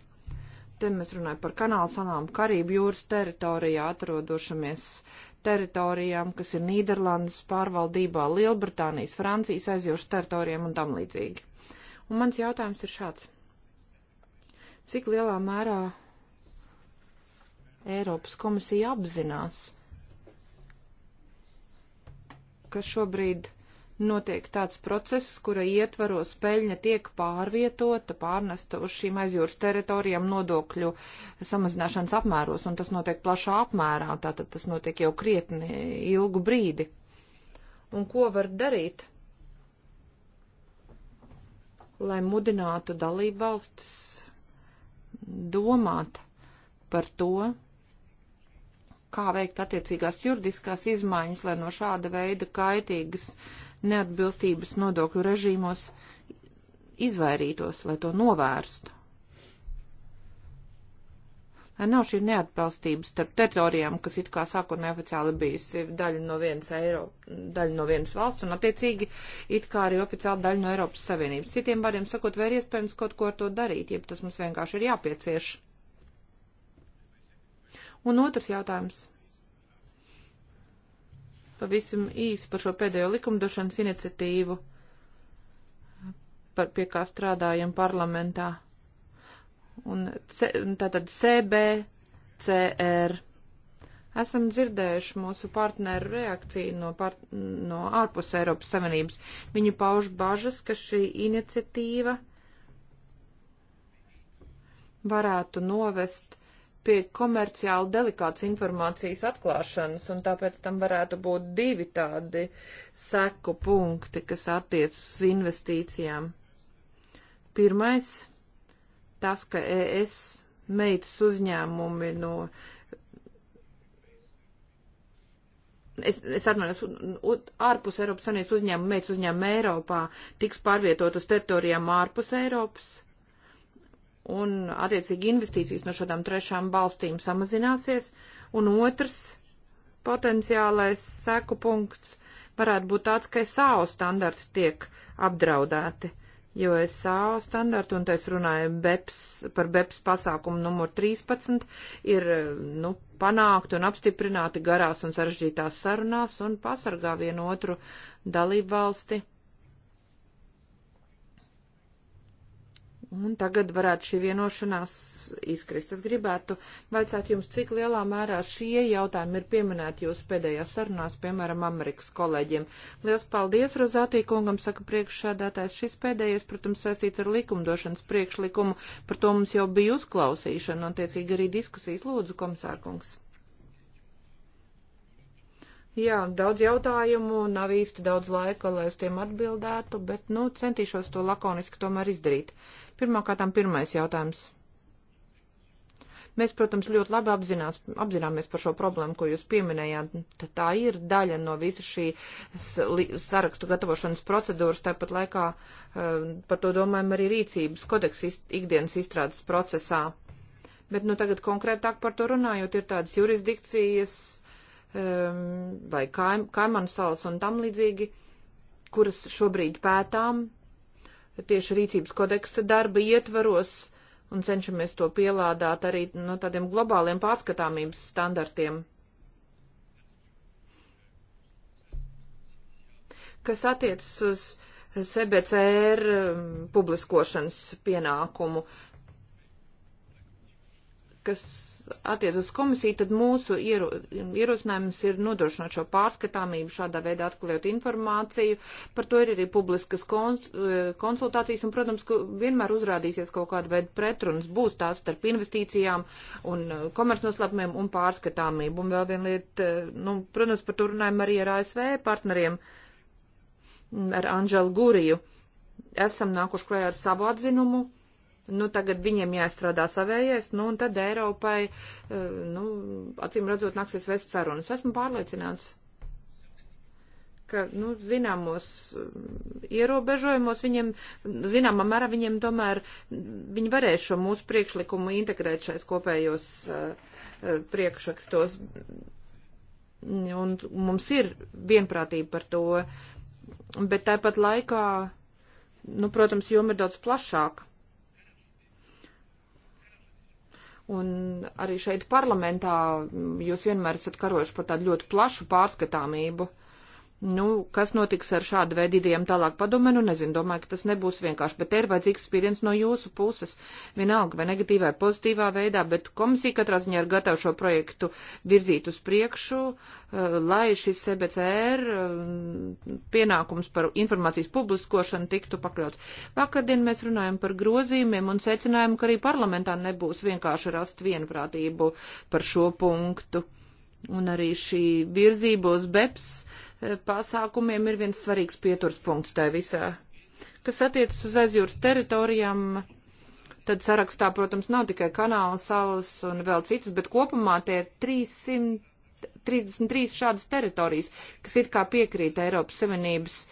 Te mēs runājam par kanāla salām, Karību jūras teritorijā atrodošamies teritorijām, kas ir Nīderlandes pārvaldībā, Lielbritānijas, Francijas aizjūras teritorijām un tam līdzīgi. Un mans jautājums ir šāds. Cik lielā mērā Eiropas komisija apzinās, ka šobrīd notiek tāds process, kura ietvaros peļņa tiek pārvietota, pārnesta uz šīm aizjūras teritorijām nodokļu samazināšanas apmēros, un tas notiek plašā apmērā, tātad tas notiek jau krietni ilgu brīdi. Un ko var darīt, lai mudinātu dalību valstis domāt par to, kā veikt attiecīgās juridiskās izmaiņas, lai no šāda veida kaitīgas uh, neatbilstības nodokļu režīmos izvairītos, lai to novērstu. Lai nav šī neatbalstības starp teritorijām, kas it kā sākotnēji oficiāli bijusi daļa no vienas eiro, daļa no vienas valsts un attiecīgi it kā arī oficiāli daļa no Eiropas Savienības. Citiem vārdiem sakot, vai ir iespējams kaut ko ar to darīt, jeb tas mums vienkārši ir jāpiecieš. Un otrs jautājums pavisam īsi par šo pēdējo likumdošanas iniciatīvu, par, pie kā strādājam parlamentā. Un C, tātad CBCR. Esam dzirdējuši mūsu partneru reakciju no, par, no ārpus Eiropas Savienības. Viņi pauž bažas, ka šī iniciatīva varētu novest pie komerciāli delikātas informācijas atklāšanas, un tāpēc tam varētu būt divi tādi seku punkti, kas attiec uz investīcijām. Pirmais - tas, ka ES meitas uzņēmumi no. Es, es atvainojos, ārpus Eiropas Savienības uzņēmumu, meitas uzņēmumu Eiropā tiks pārvietot uz teritorijām ārpus Eiropas un attiecīgi investīcijas no šādām trešām valstīm samazināsies, un otrs potenciālais seku punkts varētu būt tāds, ka SAO standarti tiek apdraudēti, jo SAO standarti, un te es runāju BEPS, par BEPS pasākumu numur 13, ir, nu, panākti un apstiprināti garās un sarežģītās sarunās un pasargā vienu otru dalību valsti Un tagad varētu šī vienošanās izkrist. Es gribētu vaicāt jums, cik lielā mērā šie jautājumi ir pieminēti jūsu pēdējās sarunās, piemēram, Amerikas kolēģiem. Liels paldies, Rozātī kungam, saka priekšsēdētājs. Šis pēdējais, protams, saistīts ar likumdošanas priekšlikumu. Par to mums jau bija uzklausīšana, un tiecīgi arī diskusijas lūdzu, komisārkungs. Jā, daudz jautājumu, nav īsti daudz laika, lai uz tiem atbildētu, bet, nu, centīšos to lakoniski tomēr izdarīt. Pirmkārtām pirmais jautājums. Mēs, protams, ļoti labi apzinās, apzināmies par šo problēmu, ko jūs pieminējāt. Tā ir daļa no visa šī sarakstu gatavošanas procedūras, tāpat laikā eh, par to domājam arī rīcības kodeksa ikdienas izstrādes procesā. Bet, nu, tagad konkrētāk par to runājot, ir tādas jurisdikcijas, Um, vai kaim, kaimanu salas un tam līdzīgi, kuras šobrīd pētām tieši rīcības kodeksa darba ietvaros un cenšamies to pielādāt arī no nu, tādiem globāliem pārskatāmības standartiem. Kas attiecas uz CBCR um, publiskošanas pienākumu, kas attiec uz komisiju, tad mūsu ieru, ierosinājums ir nodrošināt šo pārskatāmību, šādā veidā atklājot informāciju. Par to ir arī publiskas kons, e, konsultācijas, un, protams, ka vienmēr uzrādīsies kaut kāda veida pretrunas būs tās starp investīcijām un e, komercnoslēpumiem un pārskatāmību. Un vēl viena lieta, e, nu, protams, par to runājam arī ar ASV partneriem, ar Anželu Guriju. Esam nākuši klajā ar savu atzinumu Nu, tagad viņiem jāstrādā savējais, nu, un tad Eiropai, eh, nu, acīm redzot, nāksies vest sarunas. Esmu pārliecināts, ka, nu, zināmos eh, ierobežojumos viņiem, zināmā mērā viņiem tomēr, viņi varēs šo mūsu priekšlikumu integrēt šais kopējos uh, priekšrakstos. Un mums ir vienprātība par to, bet tāpat laikā, nu, protams, joma ir daudz plašāka Un arī šeit parlamentā mm, jūs vienmēr esat karojuši par tādu ļoti plašu pārskatāmību. Uh, Nu, kas notiks ar šādu veidu idejām tālāk padomē, nu nezinu, domāju, ka tas nebūs vienkārši, bet te ir vajadzīgs spiediens no jūsu puses, vienalga vai negatīvā, pozitīvā veidā, bet komisija katrā ziņā ir gatava šo projektu virzīt uz priekšu, eh, lai šis e CBCR eh, pienākums par informācijas publiskošanu tiktu pakļauts. Vakardien mēs runājam par grozījumiem un secinājumu, ka arī parlamentā nebūs vienkārši rast vienprātību par šo punktu. Un arī šī virzība uz BEPS pasākumiem ir viens svarīgs pieturspunkts tajā visā. Kas attiecas uz aizjūras teritorijām, tad sarakstā, protams, nav tikai kanāla salas un vēl citas, bet kopumā tie ir 333 šādas teritorijas, kas it kā piekrīt Eiropas Savienības e,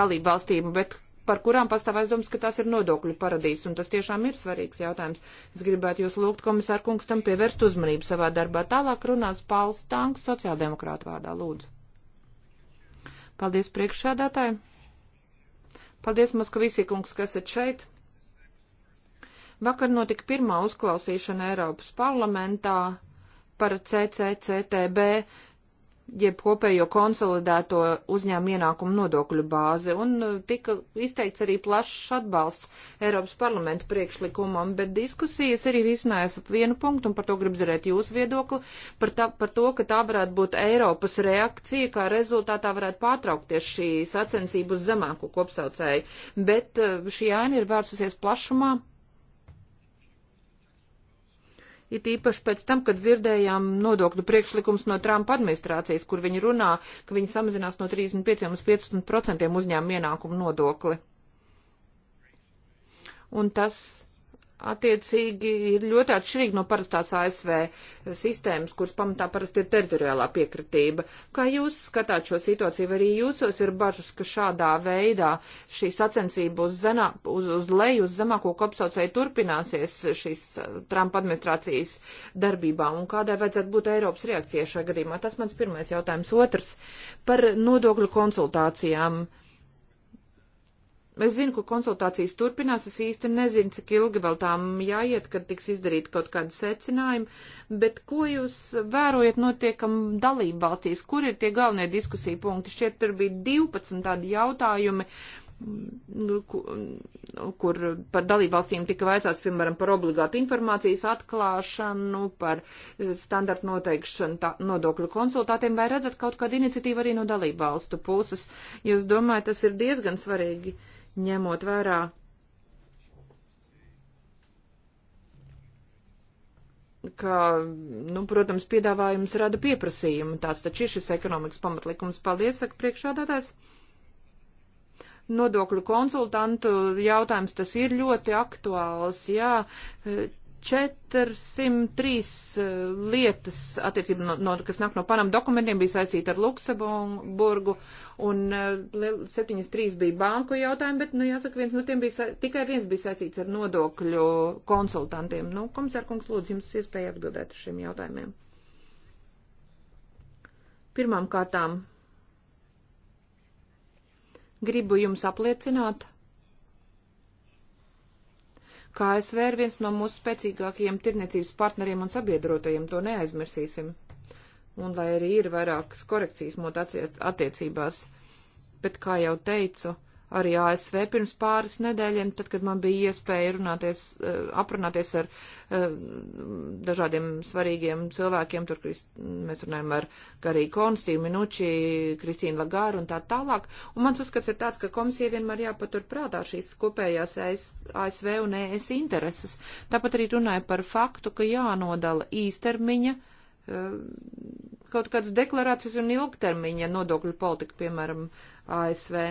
dalību valstīm, bet par kurām pastāv aizdoms, ka tās ir nodokļu paradīzes, un tas tiešām ir svarīgs jautājums. Es gribētu jūs lūgt komisāru kungs tam pievērst uzmanību savā darbā. Tālāk runās Pauls Tanks sociāldemokrāta vārdā. Lūdzu. Paldies priekšsādātāji. Paldies, Moskavisī kungs, kas esat šeit. Vakar notika pirmā uzklausīšana Eiropas parlamentā par CCCTB jeb kopējo konsolidēto uzņēmu ienākumu nodokļu bāzi, un uh, tika izteikts arī plašs atbalsts Eiropas parlamenta priekšlikumam, bet diskusijas arī visnājas ap vienu punktu, un par to grib zināt jūsu viedokli, par, tā, par to, ka tā varētu būt Eiropas reakcija, kā rezultātā varētu pārtraukties šī sacensība uz zemāku kopsaucēju, bet uh, šī aina ir vērsusies plašumā It īpaši pēc tam, kad dzirdējām nodokļu priekšlikums no Trumpa administrācijas, kur viņi runā, ka viņi samazinās no 35 uz 15 procentiem uzņēmuma ienākumu nodokli. Un tas attiecīgi ir ļoti atšķirīgi no parastās ASV sistēmas, kuras pamatā parasti ir teritoriālā piekritība. Kā jūs skatāt šo situāciju, vai arī jūsos ir bažas, ka šādā veidā šī sacensība uz, zenā, uz, uz leju, uz zemāko kopsaucēju turpināsies šīs uh, Trumpa administrācijas darbībā, un kādai vajadzētu būt Eiropas reakcijai šajā gadījumā? Tas mans pirmais jautājums. Otrs par nodokļu konsultācijām. Uh, Es zinu, ka konsultācijas turpinās, es īsti nezinu, cik ilgi vēl tām jāiet, kad tiks izdarīt kaut kādi secinājumi, bet ko jūs vērojat notiekam dalību valstīs, kur ir tie galvenie diskusija punkti? Šķiet, tur bija 12 tādi jautājumi, nu, nu, kur par dalībvalstīm tika vaicāts, piemēram, par obligātu informācijas atklāšanu, par standartu noteikšanu tā, nodokļu konsultātiem, vai redzat kaut kādu iniciatīvu arī no dalībvalstu puses? Jūs domājat, tas ir diezgan svarīgi ņemot vērā ka, nu, protams, piedāvājums rada pieprasījumu. Tāds taču ir šis ekonomikas pamatlikums. Paldies, saka priekšādātājs. Nodokļu konsultantu jautājums tas ir ļoti aktuāls, jā, 403 eh, lietas, attiecībā, no, no, kas nāk no Panama dokumentiem, bija saistīta ar Luksemburgu, un uh, eh, 73 bija banku jautājumi, bet, nu, jāsaka, viens no tiem bija, sa... tikai viens bija saistīts ar nodokļu konsultantiem. Nu, komisārkungs, lūdzu, jums iespēja atbildēt uz šiem jautājumiem. Pirmām kārtām gribu jums apliecināt, kā ASV ir viens no mūsu spēcīgākajiem tirniecības partneriem un sabiedrotajiem, to neaizmirsīsim. Un lai arī ir vairākas korekcijas mot attiecībās, bet, kā jau teicu, arī ASV pirms pāris nedēļiem, tad, kad man bija iespēja runāties, eh, aprunāties ar eh, dažādiem svarīgiem cilvēkiem, tur mēs runājam ar Gariju Konstīnu, Minuči, Kristīnu Lagāru un tā tālāk. Un mans uzskats ir tāds, ka komisija vienmēr jāpatur prātā šīs kopējās ASV un ES intereses. Tāpat arī runāja par faktu, ka jānodala īstermiņa eh, kaut kādas deklarācijas un ilgtermiņa nodokļu politika, piemēram, ASV.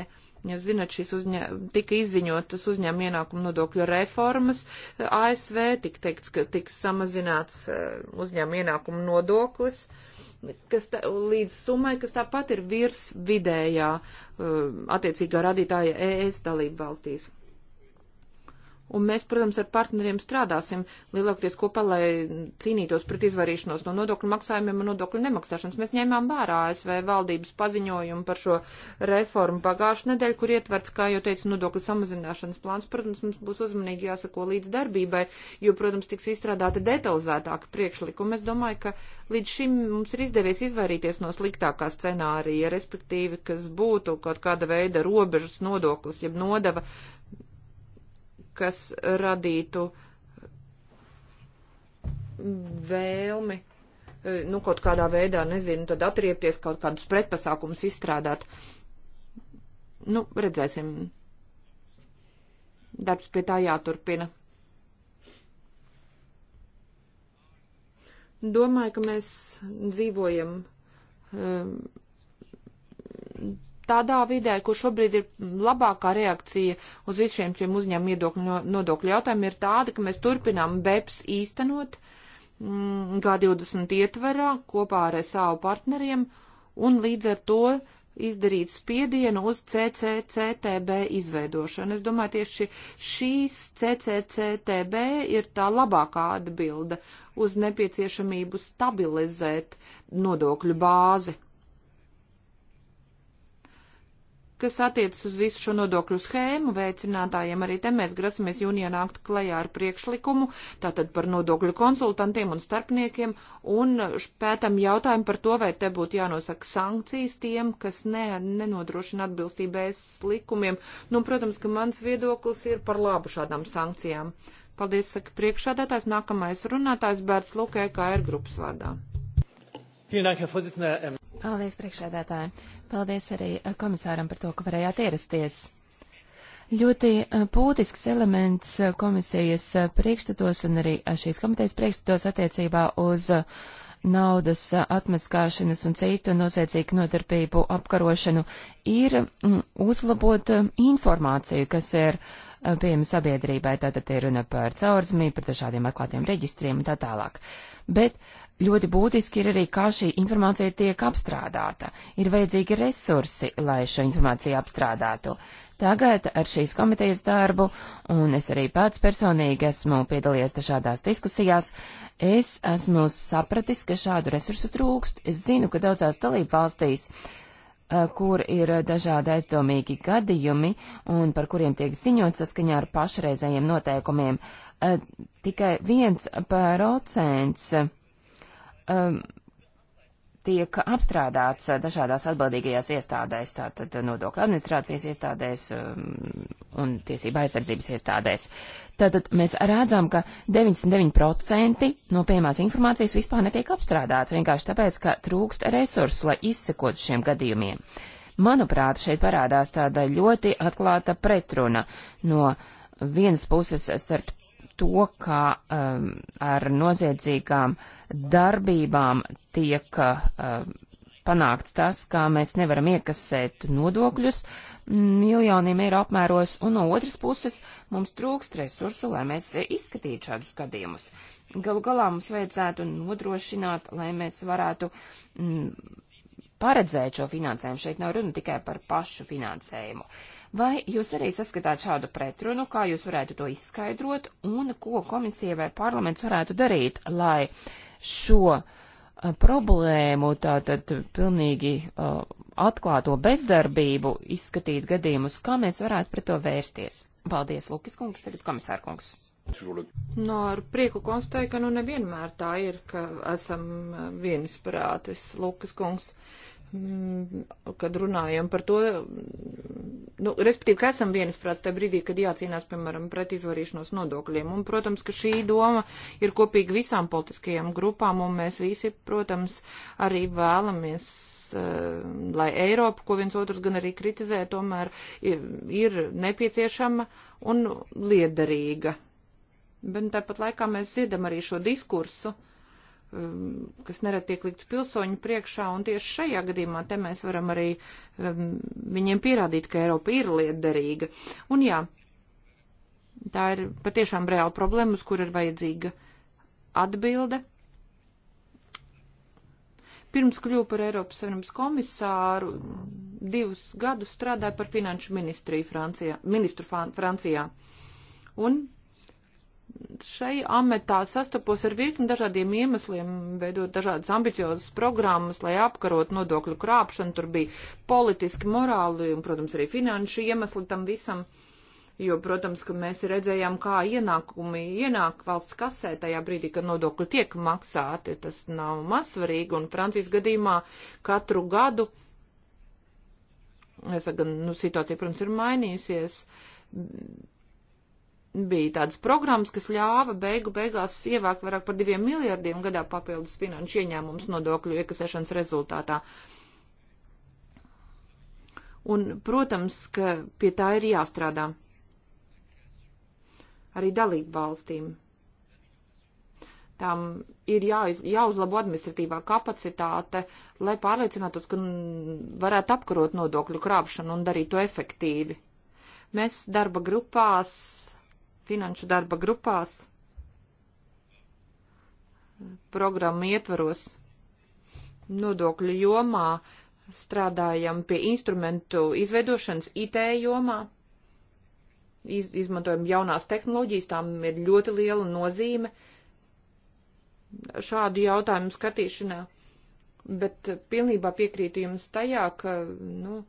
Jūs zināt, šīs uzņē, tika izziņotas uzņēmuma ienākuma nodokļu reformas eh, ASV, tika teikts, ka tiks samazināts eh, uzņēmuma ienākuma nodoklis, kas tā, līdz summai, kas tāpat ir virs vidējā eh, attiecīgā radītāja ES dalību valstīs. Un mēs, protams, ar partneriem strādāsim lielākoties kopā, lai cīnītos pret izvarīšanos no nodokļu maksājumiem un nodokļu nemaksāšanas. Mēs ņēmām vērā ASV valdības paziņojumu par šo reformu pagājušā nedēļa, kur ietverts, kā jau teicu, nodokļu samazināšanas plāns. Protams, mums būs uzmanīgi jāsako līdz darbībai, jo, protams, tiks izstrādāti detalizētāki priekšlikumi. Es domāju, ka līdz šim mums ir izdevies izvairīties no sliktākā scenārija, respektīvi, kas būtu kaut kāda veida robežas nodoklis, jeb nodeva kas radītu vēlmi, e, nu, kaut kādā veidā, nezinu, tad atriepties, kaut kādus pretpasākumus izstrādāt. Nu, redzēsim. Darbs pie tā jāturpina. Domāju, ka mēs dzīvojam um, tādā vidē, kur šobrīd ir labākā reakcija uz visiem šiem uzņēmumu iedokļu nodokļu jautājumiem, ir tāda, ka mēs turpinām BEPS īstenot mm, G20 ietverā kopā ar SAU partneriem un līdz ar to izdarīt spiedienu uz CCCTB izveidošanu. Es domāju, tieši šīs CCCTB ir tā labākā atbilde uz nepieciešamību stabilizēt nodokļu bāzi kas attiecas uz visu šo nodokļu schēmu veicinātājiem. Arī te mēs grasamies jūnijā nākt klajā ar priekšlikumu, tātad par nodokļu konsultantiem un starpniekiem, un pētam jautājumu par to, vai te būtu jānosaka sankcijas tiem, kas ne, nenodrošina atbilstībēs likumiem. Nu, protams, ka mans viedoklis ir par labu šādām sankcijām. Paldies, saka priekšādātājs. Nākamais runātājs Bērts Lukē, kā ir grupas vārdā. Vielen Dank, Herr Vorsitzender. Ähm, Paldies, priekšsēdētāji. Paldies arī eh, komisāram par to, ka varējāt ierasties. Ļoti eh, būtisks elements eh, komisijas priekšstatos un arī šīs komitejas priekšstatos attiecībā uz naudas atmaskāšanas un citu noziedzīgu nodarbību apkarošanu ir mm, uzlabot informāciju, kas ir pieejama sabiedrībai. Tātad ir runa par caurzmī, par dažādiem atklātiem reģistriem un tā tālāk. Bet ļoti būtiski ir arī, kā šī informācija tiek apstrādāta. Ir vajadzīgi resursi, lai šo informāciju apstrādātu. Tagad ar šīs komitejas darbu, un es arī pats personīgi esmu piedalījies dažādās diskusijās, es esmu sapratis, ka šādu resursu trūkst. Es zinu, ka daudzās dalību valstīs eh, kur ir dažādi aizdomīgi gadījumi un par kuriem tiek ziņots saskaņā ar pašreizējiem noteikumiem. Eh, tikai viens procents um, tiek apstrādāts dažādās atbildīgajās iestādēs, tātad nodokļu administrācijas iestādēs um, un tiesība aizsardzības iestādēs. Tātad mēs redzam, ka 99% no pieejamās informācijas vispār netiek apstrādāta, vienkārši tāpēc, ka trūkst resursu, lai izsekot šiem gadījumiem. Manuprāt, šeit parādās tāda ļoti atklāta pretruna no vienas puses starp to, kā um, ar noziedzīgām darbībām tiek um, panākts tas, kā mēs nevaram iekasēt nodokļus miljoniem eiro apmēros, un no otras puses mums trūkst resursu, lai mēs izskatītu šādus gadījumus. Galu galā mums vajadzētu nodrošināt, lai mēs varētu mm, paredzēt šo finansējumu. Šeit nav runa tikai par pašu finansējumu. Uh, Vai jūs arī saskatāt šādu pretrunu, kā jūs varētu to izskaidrot, un ko komisija vai parlaments varētu darīt, lai šo a, uh, problēmu, tātad pilnīgi a, uh, atklāto bezdarbību, izskatīt gadījumus, kā mēs varētu pret to vērsties? Paldies, Lukas kungs, tagad komisārkungs. No nu, ar prieku konstatēju, ka nu nevienmēr tā ir, ka esam uh, vienisprātis, Lukas kungs. Uh, Mm, kad runājam par to, mm, nu, respektīvi, ka esam viensprāts tajā brīdī, kad jācīnās, piemēram, pret izvarīšanos nodokļiem. Un, protams, ka šī doma ir kopīga visām politiskajām grupām, un mēs visi, protams, arī vēlamies, eh, lai Eiropa, ko viens otrs gan arī kritizē, tomēr ir nepieciešama un liederīga. Bet tāpat laikā mēs dzirdam arī šo diskursu Um, kas nerad tiek likts pilsoņu priekšā, un tieši šajā gadījumā te mēs varam arī um, viņiem pierādīt, ka Eiropa ir lietderīga. Un jā, tā ir patiešām reāla problēma, uz kur ir vajadzīga atbilde. Pirms kļuvu par Eiropas Savienības komisāru, divus gadus strādāju par finanšu ministriju Francijā, ministru Francijā. Un šai ametā sastapos ar virkni dažādiem iemesliem, veidot dažādas ambiciozas programmas, lai apkarot nodokļu krāpšanu. Tur bija politiski, morāli un, protams, arī finanšu iemesli tam visam. Jo, protams, ka mēs redzējām, kā ienākumi ienāk valsts kasē tajā brīdī, kad nodokļi tiek maksāti. Tas nav mazsvarīgi, un Francijas gadījumā katru gadu, es saku, nu, situācija, protams, ir mainījusies bija tādas programmas, kas ļāva beigu beigās ievākt vairāk par diviem miljardiem gadā papildus finanšu ieņēmumus nodokļu iekasēšanas rezultātā. Un, protams, ka pie tā ir jāstrādā arī dalību valstīm. Tām ir jāiz, jāuzlabo administratīvā kapacitāte, lai pārliecinātos, ka varētu apkarot nodokļu krāpšanu un darīt to efektīvi. Mēs darba grupās finanšu darba grupās, programmu ietvaros, nodokļu jomā, strādājam pie instrumentu izveidošanas IT jomā, iz, izmantojam jaunās tehnoloģijas, tām ir ļoti liela nozīme šādu jautājumu skatīšanā, bet pilnībā piekrītu jums tajā, ka, nu,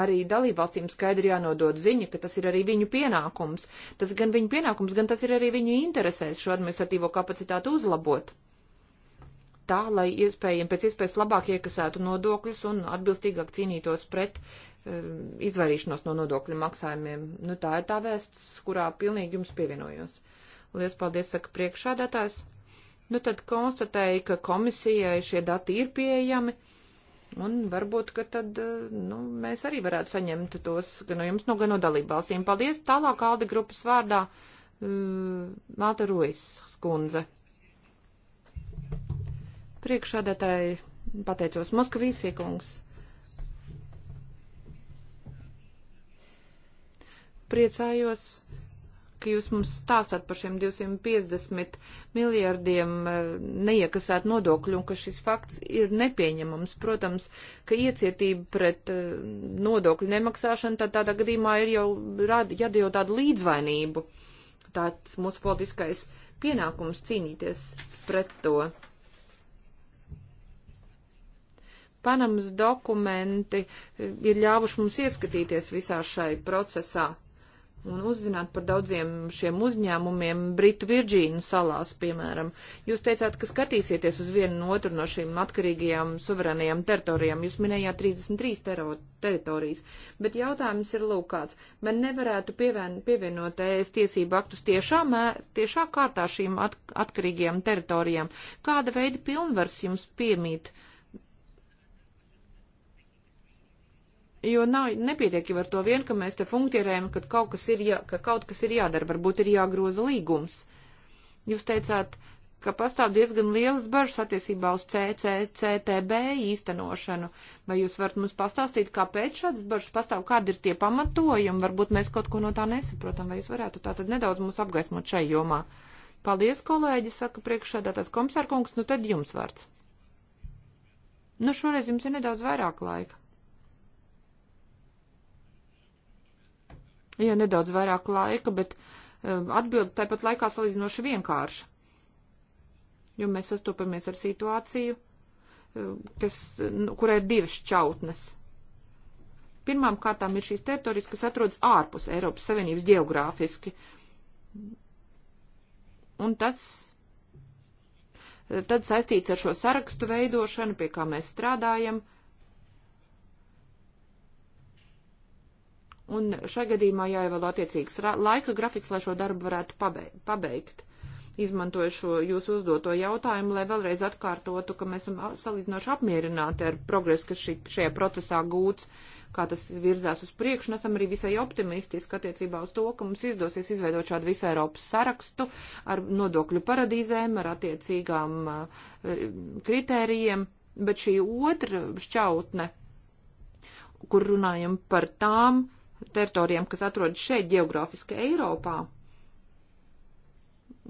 arī dalībvalstīm skaidri jānodod ziņa, ka tas ir arī viņu pienākums. Tas gan viņu pienākums, gan tas ir arī viņu interesēs šo administratīvo kapacitātu uzlabot. Tā, lai iespējami pēc iespējas labāk iekasētu nodokļus un atbilstīgāk cīnītos pret um, izvairīšanos no nodokļu maksājumiem. Nu, tā ir tā vēsts, kurā pilnīgi jums pievienojos. Lielas paldies, saka priekšādātājs. Nu, tad konstatēja, ka komisijai šie dati ir pieejami. Uh, Un varbūt, ka tad, eh, nu, mēs arī varētu saņemt tos gan no jums, no, nu, gan no dalībvalstīm. Paldies! Tālāk Aldi grupas vārdā eh, Māte Ruis skundze. Priekšādātāji pateicos Moskavīs iekungs. Priecājos, ka jūs mums stāstāt par šiem 250 miljardiem eh, neiekasēt nodokļu un ka šis fakts ir nepieņemams. Protams, ka iecietība pret eh, nodokļu nemaksāšanu tad tādā gadījumā ir jau jādod jau tādu līdzvainību. Tāds mūsu politiskais pienākums cīnīties pret to. Panamas dokumenti eh, ir ļāvuši mums ieskatīties visā šai procesā un uzzināt par daudziem šiem uzņēmumiem Britu Virģīnu salās, piemēram. Jūs teicāt, ka skatīsieties uz vienu no otru no šīm atkarīgajām suverēnajām teritorijām. Jūs minējāt 33 tero, teritorijas, bet jautājums ir lūkāts, vai nevarētu pievien, pievienot ES tiesību aktus tiešā, mē, tiešā kārtā šīm at, atkarīgajām teritorijām? Kāda veida pilnvars jums piemīt? Uh, Jo nav nepietiekami ar to vien, ka mēs te funkcionējam, ka kaut kas ir, jā, ka kaut kas ir jādara, varbūt ir jāgroza līgums. Jūs teicāt, ka pastāv diezgan lielas bažas attiecībā uz CCCTB īstenošanu. Vai jūs varat mums pastāstīt, kāpēc šādas bažas pastāv, kādi ir tie pamatojumi? Varbūt mēs kaut ko no tā nesaprotam, vai jūs varētu tātad nedaudz mūs apgaismot šai jomā. Paldies, kolēģi, saka priekšsēdētājs komisārkungs, nu tad jums vārds. Nu, šoreiz jums ir nedaudz vairāk laika. ja nedaudz vairāk laika, bet um, atbildi tāpat laikā salīdzinoši vienkārša. Jo mēs sastopamies ar situāciju, um, kas, nu, kurai ir divas čautnes. Pirmām kārtām ir šīs teritorijas, kas atrodas ārpus Eiropas Savienības geogrāfiski. Un tas tad saistīts ar šo sarakstu veidošanu, pie kā mēs strādājam. Uh, un šai gadījumā jāievēl attiecīgs laika grafiks, lai šo darbu varētu pabeigt. Izmantoju šo jūsu uzdoto jautājumu, lai vēlreiz atkārtotu, ka mēs esam salīdzinoši apmierināti ar progresu, kas šī, šajā procesā gūts, kā tas virzās uz priekšu, un esam arī visai optimistiski attiecībā uz to, ka mums izdosies izveidot šādu visu Eiropas sarakstu ar nodokļu paradīzēm, ar attiecīgām e, kritērijiem, bet šī otra šķautne, kur runājam par tām, uh, teritorijām, kas atrodas šeit geogrāfiski Eiropā,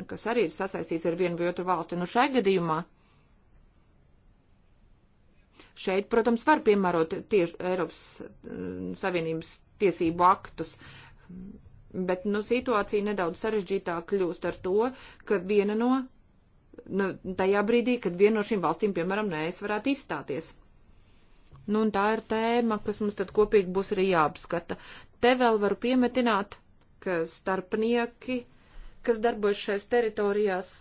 kas arī ir sasaistīts ar vienu vai otru valsti. Nu, šai gadījumā šeit, protams, var piemērot tieši Eiropas mm, Savienības tiesību aktus, bet, nu, situācija nedaudz sarežģītāk kļūst ar to, ka viena no, nu, tajā brīdī, kad viena no šīm valstīm, piemēram, nē, es varētu izstāties. Nu, un tā ir tēma, kas mums tad kopīgi būs arī jāapskata. Te vēl varu piemetināt, ka starpnieki, kas darbojas šais teritorijās,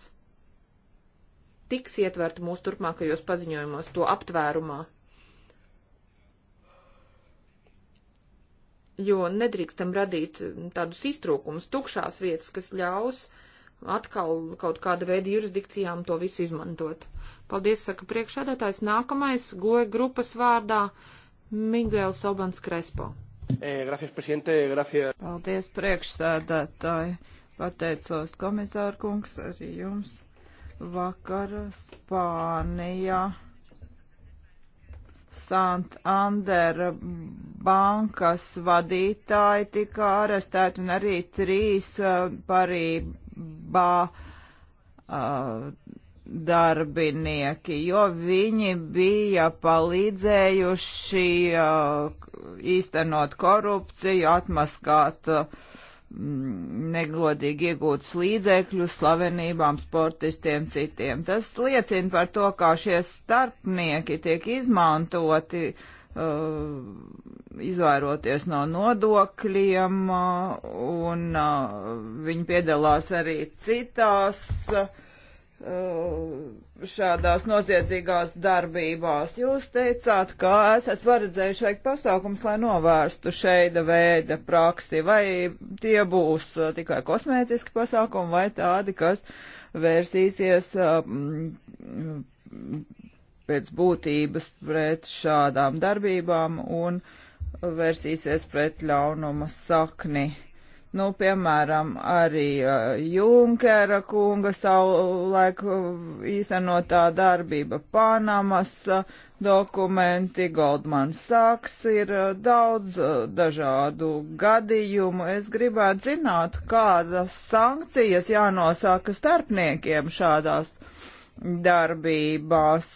tiks ietverti mūsu turpmākajos paziņojumos to aptvērumā. Jo nedrīkstam radīt tādus iztrūkumus, tukšās vietas, kas ļaus atkal kaut kāda veida jurisdikcijām to visu izmantot. Paldies, saka priekšēdētājs. Nākamais goja grupas vārdā Miguels Obans Krespo. E, gracias, presidente, gracias. Paldies, priekšsēdētāji. Pateicos, komisāra kungs, arī jums. Vakar Spānijā Santandera bankas vadītāji tika arestēti un arī trīs uh, eh, parībā uh, eh, darbinieki, jo viņi bija palīdzējuši īstenot korupciju, atmaskāt neglodīgi iegūtus līdzekļus slavenībām, sportistiem, citiem. Tas liecina par to, kā šie starpnieki tiek izmantoti, izvairoties no nodokļiem, un viņi piedalās arī citās uh, Uh, šādās noziedzīgās darbībās. Jūs teicāt, ka esat paredzējuši veikt pasākums, lai novērstu šeida veida praksi, vai tie būs uh, tikai kosmētiski pasākumi, vai tādi, kas vērsīsies uh, mm, pēc būtības pret šādām darbībām un vērsīsies pret ļaunuma sakni. Uh, Nu, piemēram, arī Junkera kunga savulaik īstenotā darbība Panamas dokumenti, Goldman Sachs ir daudz dažādu gadījumu. Es gribētu zināt, kādas sankcijas jānosaka starpniekiem šādās darbībās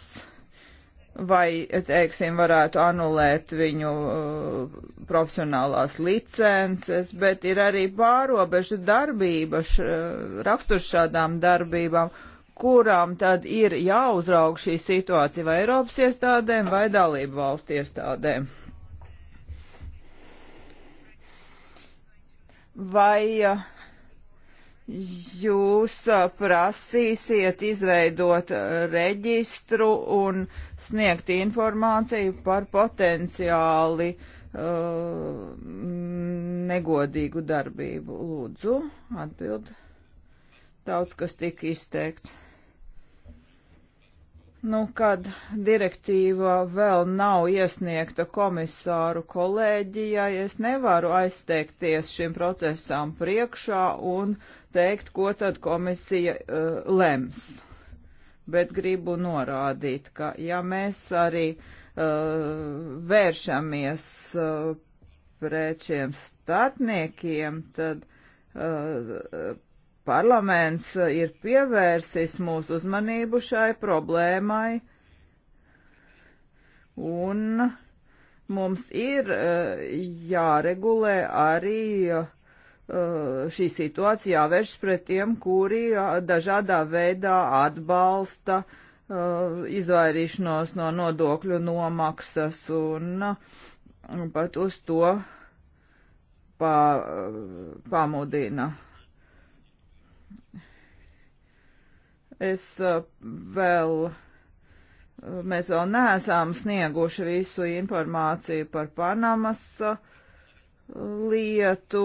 vai, teiksim, varētu anulēt viņu uh, profesionālās licences, bet ir arī pārobežu darbība, uh, raksturs šādām darbībām, kurām tad ir jāuzraug šī situācija vai Eiropas iestādēm vai dalību valstu iestādēm. Vai uh, jūs prasīsiet izveidot reģistru un sniegt informāciju par potenciāli uh, negodīgu darbību. Lūdzu, atbild. Daudz, kas tika izteikts. Nu, kad direktīva vēl nav iesniegta komisāru kolēģijai, es nevaru aizsteigties šim procesām priekšā un uh, teikt, ko tad komisija uh, lems. Bet gribu norādīt, ka ja mēs arī uh, vēršamies uh, pret šiem starpniekiem, tad uh, parlaments ir pievērsis mūsu uzmanību šai problēmai un mums ir uh, jāregulē arī uh, Uh, šī situācija jāvēršas pret tiem, kuri uh, dažādā veidā atbalsta uh, izvairīšanos no nodokļu nomaksas un pat uz to pā, pamudina. Es vēl, mēs vēl neesam snieguši visu informāciju par Panamas uh, lietu,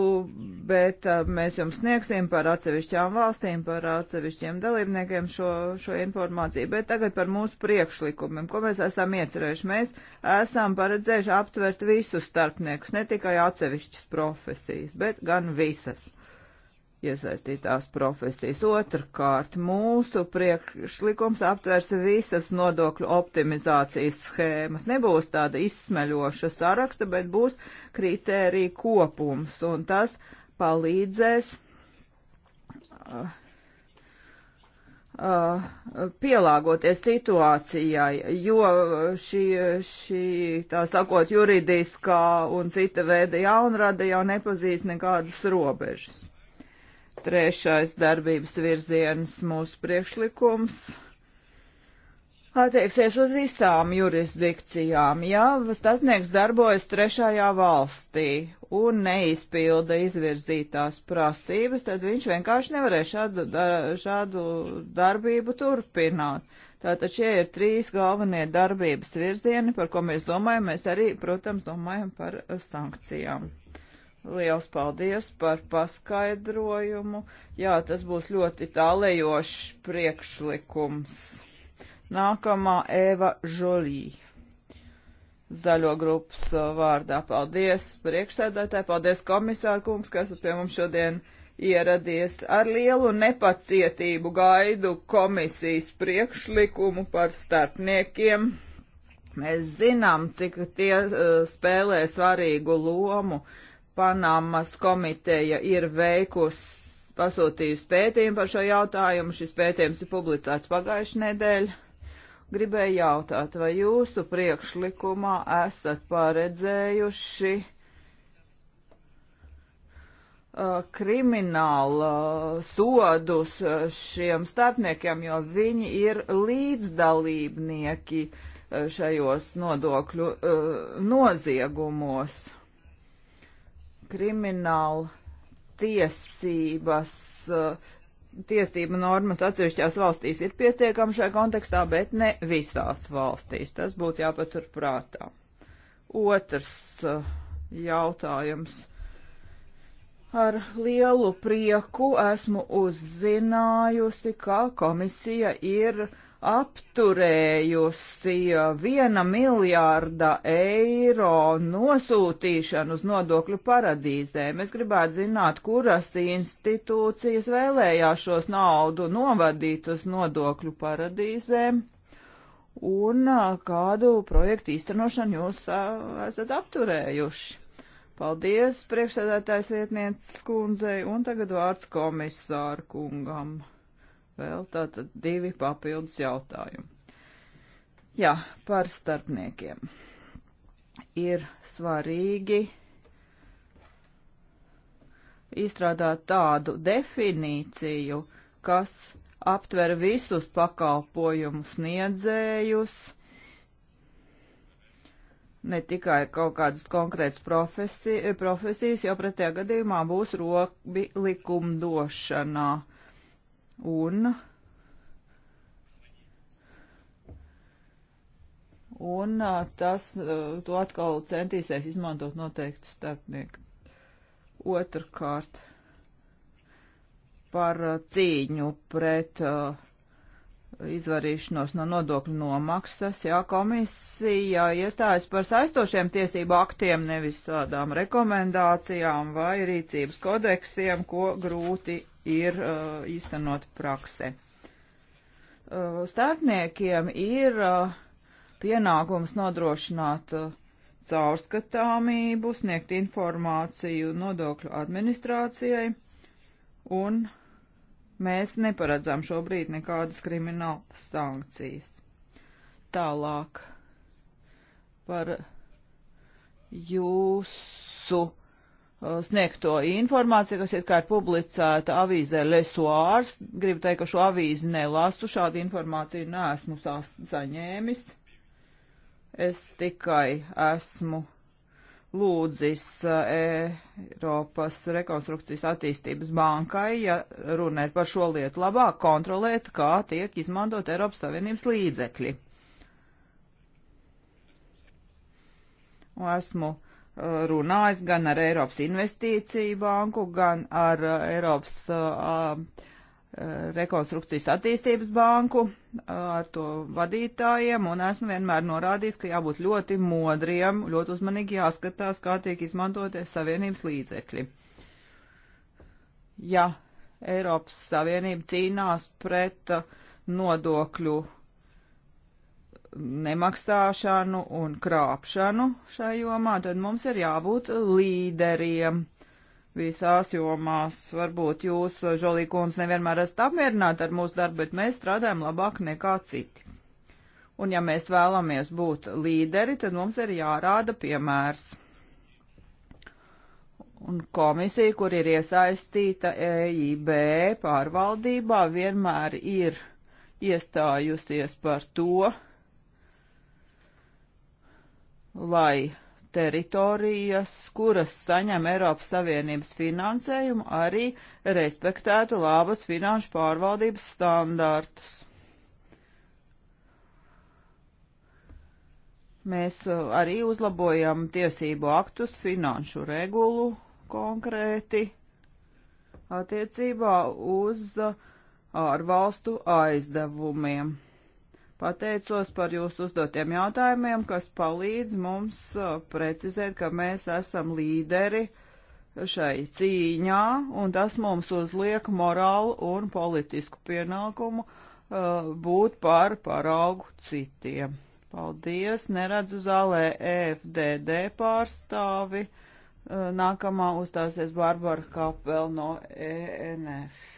bet uh, mēs jums sniegsim par atsevišķām valstīm, par atsevišķiem dalībniekiem šo, šo informāciju. Bet tagad par mūsu priekšlikumiem, ko mēs esam iecerējuši. Mēs esam paredzējuši aptvert visus starpniekus, ne tikai atsevišķas profesijas, bet gan visas iesaistītās profesijas. Otrkārt, mūsu priekšlikums aptvers visas nodokļu optimizācijas schēmas. Nebūs tāda izsmeļoša saraksta, bet būs kritērija kopums, un tas palīdzēs uh, uh, pielāgoties situācijai, jo šī, šī, tā sakot, juridiskā un cita veida jaunrada jau nepazīst nekādas robežas. Trešais darbības virziens mūsu priekšlikums attieksies uz visām jurisdikcijām, ja statnieks darbojas trešajā valstī un neizpilda izvirzītās prasības, tad viņš vienkārši nevarēs šādu, šādu darbību turpināt. Tātad šie ir trīs galvenie darbības virzieni, par ko mēs domājam. Mēs arī, protams, domājam par sankcijām. Liels paldies par paskaidrojumu. Jā, tas būs ļoti tālējošs priekšlikums. Nākamā Eva Žolī. Zaļo grupas uh, vārdā paldies priekšsēdētāji, paldies komisāru kungs, kas pie mums šodien ieradies. Ar lielu nepacietību gaidu komisijas priekšlikumu par starpniekiem. Mēs zinām, cik tie uh, spēlē svarīgu lomu uh, Panamas komiteja ir veikusi pasūtījusi pētījumu par šo jautājumu. Šis pētījums ir publicēts pagājušajā nedēļā. Gribēju jautāt, vai jūsu priekšlikumā esat paredzējuši uh, krimināla sodus šiem starpniekiem, jo viņi ir līdzdalībnieki šajos nodokļu uh, noziegumos krimināla tiesības, eh, tiesība normas atsevišķās valstīs ir pietiekama šajā kontekstā, bet ne visās valstīs. Tas būtu jāpatur prātā. Otrs eh, jautājums. Ar lielu prieku esmu uzzinājusi, ka komisija ir uh, apturējusi uh, viena miljārda eiro nosūtīšanu uz nodokļu paradīzēm. Es gribētu zināt, kuras institūcijas vēlējās šos naudu novadīt uz nodokļu paradīzēm un uh, kādu projektu īstenošanu jūs uh, esat apturējuši. Paldies priekšsēdētājs vietnieces kundzei un tagad vārds komisāru kungam vēl tātad divi papildus jautājumi. Jā, par starpniekiem. Ir svarīgi izstrādāt tādu definīciju, kas aptver visus pakalpojumu sniedzējus, ne tikai kaut kādas konkrētas profesi, profesijas, jo pretējā gadījumā būs robi likumdošanā un, un tas, to atkal centīsies izmantot noteikti starpnieki. Otrkārt, par cīņu pret uh, izvarīšanos no nodokļu nomaksas. Jā, komisija iestājas par saistošiem tiesību aktiem, nevis tādām rekomendācijām vai rīcības kodeksiem, ko grūti ir uh, īstenot praksē. Uh, starpniekiem ir uh, pienākums nodrošināt uh, caurskatāmību, sniegt informāciju nodokļu administrācijai, un mēs neparedzam šobrīd nekādas krimināla sankcijas. Tālāk par jūsu Uh, sniegto informāciju, kas ir kā ir publicēta avīzē Lesuārs. Gribu teikt, ka šo avīzi nelasu, šādu informāciju neesmu saņēmis. Es tikai esmu lūdzis uh, Eiropas rekonstrukcijas attīstības bankai, ja runa ir par šo lietu, labāk kontrolēt, kā tiek izmantot Eiropas Savienības līdzekļi. Un esmu uh, runājis gan ar Eiropas investīciju banku, gan ar uh, Eiropas uh, uh, rekonstrukcijas attīstības banku, uh, ar to vadītājiem, un esmu vienmēr norādījis, ka jābūt ļoti modriem, ļoti uzmanīgi jāskatās, kā tiek izmantoties savienības līdzekļi. Ja Eiropas Savienība cīnās pret nodokļu nemaksāšanu un krāpšanu šai jomā, tad mums ir jābūt līderiem visās jomās. Varbūt jūs, Žolīkums, nevienmēr esat apmierināti ar mūsu darbu, bet mēs strādājam labāk nekā citi. Un ja mēs vēlamies būt līderi, tad mums ir jārāda piemērs. Un komisija, kur ir iesaistīta EIB pārvaldībā, vienmēr ir iestājusies par to, lai teritorijas, kuras saņem Eiropas Savienības finansējumu, arī respektētu labas finanšu pārvaldības standārtus. Mēs uh, arī uzlabojam tiesību aktus, finanšu regulu konkrēti attiecībā uz uh, ārvalstu aizdevumiem. Pateicos par jūsu uzdotiem jautājumiem, kas palīdz mums uh, precizēt, ka mēs esam līderi šai cīņā, un tas mums uzliek morālu un politisku pienākumu uh, būt par paraugu citiem. Paldies, neredzu zālē EFDD pārstāvi. Uh, nākamā uzstāsies Barbara Kapel no ENF.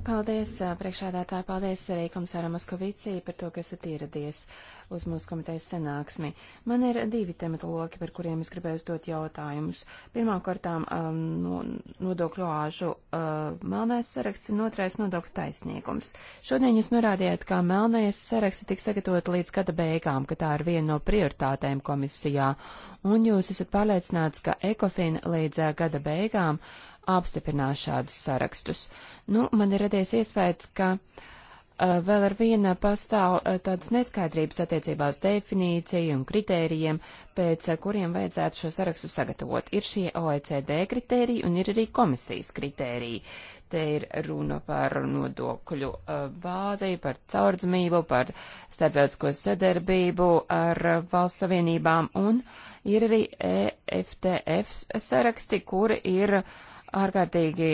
Paldies, priekšādātāji, paldies arī komisāram Moskovicī par to, ka esat ieradies uz mūsu komitejas sanāksmi. Man ir divi tematu loki, par kuriem es gribēju uzdot jautājumus. Pirmkārtām um, no, nodokļu āžu uh, melnais saraksts un otrais nodokļu taisnīgums. Šodien jūs norādījāt, ka melnais saraksts tiks sagatavot līdz gada beigām, ka tā ir viena no prioritātēm komisijā, un jūs esat pārliecināts, ka ECOFIN līdz gada beigām apstiprinās šādus sarakstus. Nu, man ir radies iespējas, ka uh, vēl ar vienu pastāv uh, tādas neskaidrības attiecībās definīciju un kritērijiem, pēc uh, kuriem vajadzētu šo sarakstu sagatavot. Ir šie OECD kritēriji un ir arī komisijas kritēriji. Te ir runa par nodokļu bāzi, par caurdzamību, par starptautisko sadarbību ar valsts savienībām un ir arī EFTF saraksti, kuri ir uh, ārkārtīgi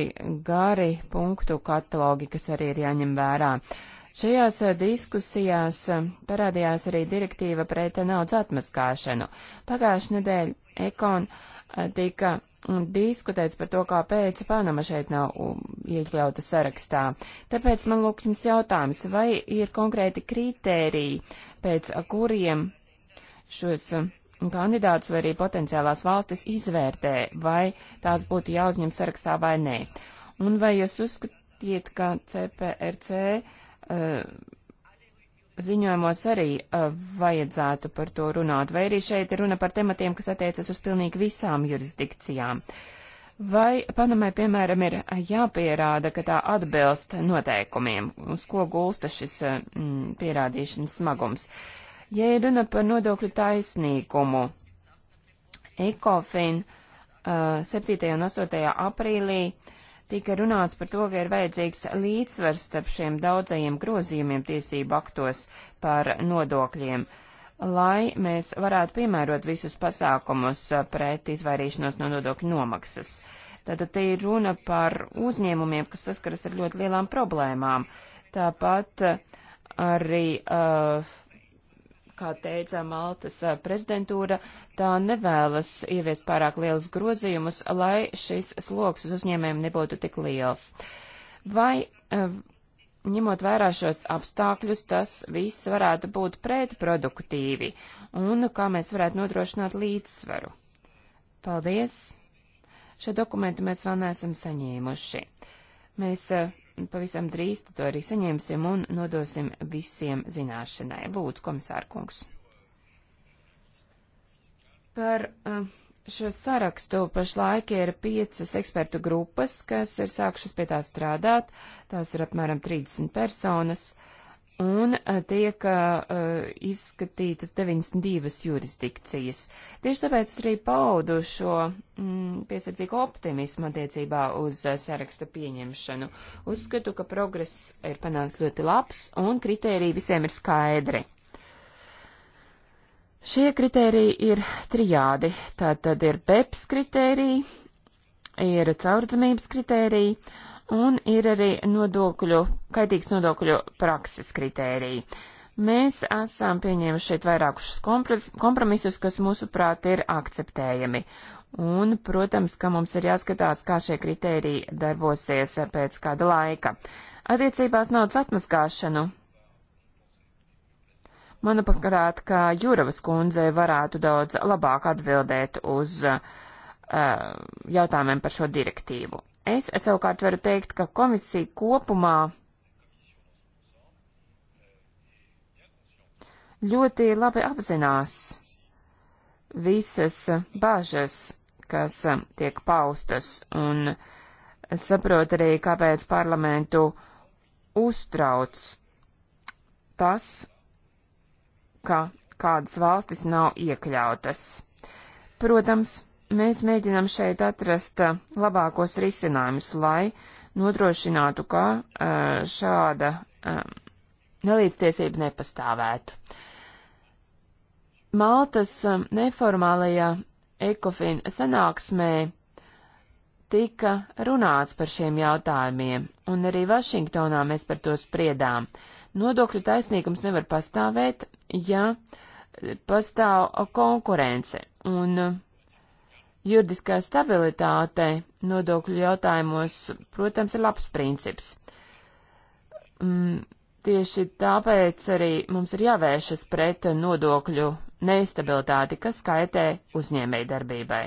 gari punktu katalogi, kas arī ir jāņem vērā. Šajās eh, diskusijās eh, parādījās arī direktīva pret eh, naudas atmaskāšanu. Pagājušajā nedēļā Ekon tika mm, diskutēts par to, kāpēc Panama šeit nav iekļauta sarakstā. Tāpēc man lūk jums jautājums, vai ir konkrēti kritēriji, pēc kuriem šos kandidātus vai arī potenciālās valstis izvērtē, vai tās būtu jāuzņem sarakstā vai nē. Un vai jūs uzskatiet, ka CPRC uh, eh, ziņojumos arī uh, vajadzētu par to runāt, vai arī šeit ir runa par tematiem, kas attiecas uz pilnīgi visām jurisdikcijām? Vai Panamai, piemēram, ir jāpierāda, ka tā atbilst noteikumiem, uz ko gulsta šis mm, pierādīšanas smagums? Uh, Ja ir runa par nodokļu taisnīgumu, ECOFIN uh, 7. un 8. aprīlī tika runāts par to, ka ir vajadzīgs līdzsvars starp šiem daudzajiem grozījumiem tiesību aktos par nodokļiem, lai mēs varētu piemērot visus pasākumus uh, pret izvairīšanos no nodokļu nomaksas. Tātad te ir runa par uzņēmumiem, kas saskaras ar ļoti lielām problēmām. Tāpat uh, arī uh, Kā teica Maltas prezidentūra, tā nevēlas ieviest pārāk lielus grozījumus, lai šis sloks uz uzņēmējiem nebūtu tik liels. Vai ņemot vērā šos apstākļus, tas viss varētu būt pretproduktīvi, un kā mēs varētu nodrošināt līdzsvaru. Paldies! Šo dokumentu mēs vēl neesam saņēmuši. Mēs pavisam drīz to arī saņemsim un nodosim visiem zināšanai. Lūdzu, komisārkungs. Par um, šo sarakstu pašlaik ir piecas ekspertu grupas, kas ir sākušas pie tā strādāt. Tās ir apmēram 30 personas. Uh, un eh, tiek uh, izskatītas 92 jurisdikcijas. Tieši tāpēc es arī paudu šo mm, piesardzīgu optimismu attiecībā uz uh, eh, saraksta pieņemšanu. Uzskatu, ka progress ir panāks ļoti labs un kritēriji visiem ir skaidri. Šie kritēriji ir trijādi. Tā tad ir BEPS kritērija, ir caurdzamības kritērija un ir arī nodokļu, kaitīgs nodokļu prakses kritērija. Mēs esam pieņēmuši šeit vairākus kompromisus, kas mūsuprāt ir akceptējami. Un, protams, ka mums ir jāskatās, kā šie kritēriji darbosies pēc kāda laika. Attiecībās naudas atmaskāšanu. Manuprāt, ka Juravas kundze varētu daudz labāk atbildēt uz uh, jautājumiem par šo direktīvu. Es savukārt varu teikt, ka komisija kopumā ļoti labi apzinās visas bažas, kas tiek paustas, un saprot arī, kāpēc parlamentu uztrauc tas, ka kādas valstis nav iekļautas. Protams, mēs mēģinām šeit atrast uh, labākos risinājumus, lai nodrošinātu, ka uh, šāda um, nelīdztiesība nepastāvētu. Maltas um, neformālajā ekofin sanāksmē tika runāts par šiem jautājumiem, un arī Vašingtonā mēs par to spriedām. Nodokļu taisnīgums nevar pastāvēt, ja pastāv konkurence, un Juridiskā stabilitāte nodokļu jautājumos, protams, ir labs princips. Mm, tieši tāpēc arī mums ir jāvēršas pret nodokļu neistabilitāti, kas kaitē uzņēmēji darbībai.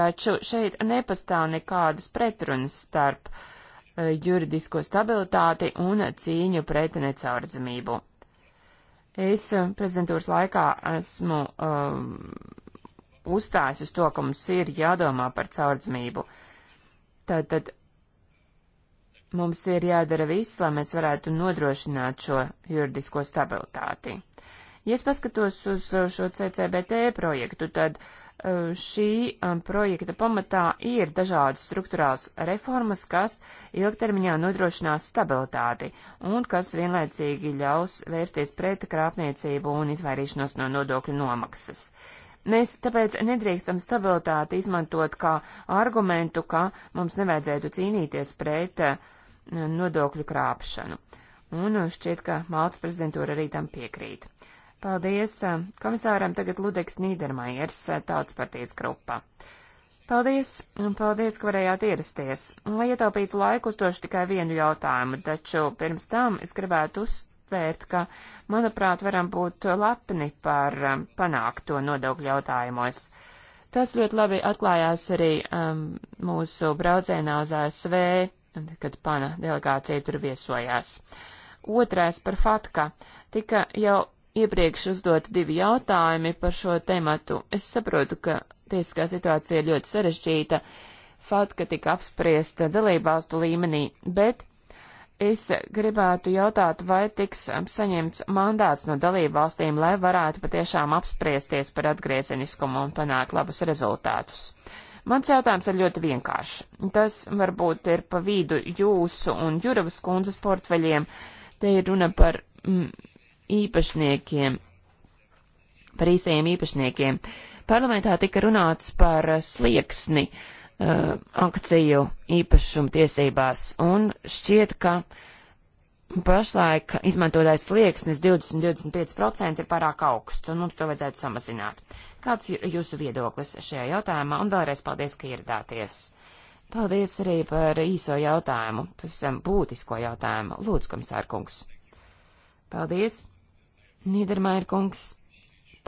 Taču šeit nepastāv nekādas pretrunas starp uh, juridisko stabilitāti un cīņu pret necaurdzamību. Es eh, prezidentūras laikā esmu um, uh, uzstājas uz to, ka mums ir jādomā par caurdzmību. Tātad mums ir jādara viss, lai mēs varētu nodrošināt šo juridisko stabilitāti. Ja es paskatos uz uh, šo CCBT projektu, tad uh, šī um, projekta pamatā ir dažādas struktūrās reformas, kas ilgtermiņā nodrošinās stabilitāti un kas vienlaicīgi ļaus vērsties pret krāpniecību un izvairīšanos no nodokļu nomaksas. Mēs tāpēc nedrīkstam stabilitāti izmantot kā argumentu, ka mums nevajadzētu cīnīties pret eh, nodokļu krāpšanu. Un eh, šķiet, ka Maltas prezidentūra arī tam piekrīt. Paldies eh, komisāram tagad Ludeks Nīdermajers, tautas partijas grupa. Paldies, un paldies, ka varējāt ierasties. Lai ietaupītu laiku, uzdošu tikai vienu jautājumu, taču pirms tam es gribētu uzstāstīt aptvērt, ka, manuprāt, varam būt lepni par um, panākto nodokļu jautājumos. Tas ļoti labi atklājās arī um, mūsu braucienā uz ASV, kad pana delegācija tur viesojās. Otrais par fatka. Tika jau iepriekš uzdot divi jautājumi par šo tematu. Es saprotu, ka tiesiskā situācija ir ļoti sarežģīta. Fatka tika apspriesta dalībvalstu līmenī, bet Es gribētu jautāt, vai tiks um, saņemts mandāts no dalību valstīm, lai varētu patiešām apspriesties par atgriezeniskumu un panākt labus rezultātus. Mans jautājums ir ļoti vienkāršs. Tas varbūt ir pa vidu jūsu un Juravas kundzes portfeļiem. Te ir runa par mm, īpašniekiem, par īsajiem īpašniekiem. Parlamentā tika runāts par slieksni. Uh, uh, akciju īpašumtiesībās, un šķiet, ka pašlaik izmantotais slieksnis 20-25% ir pārāk augsts, un mums to vajadzētu samazināt. Kāds ir jūsu viedoklis šajā jautājumā, un vēlreiz paldies, ka ieradāties. Paldies arī par īso jautājumu, pavisam būtisko jautājumu. Lūdzu, komisārkungs. Paldies, Nīdermairkungs,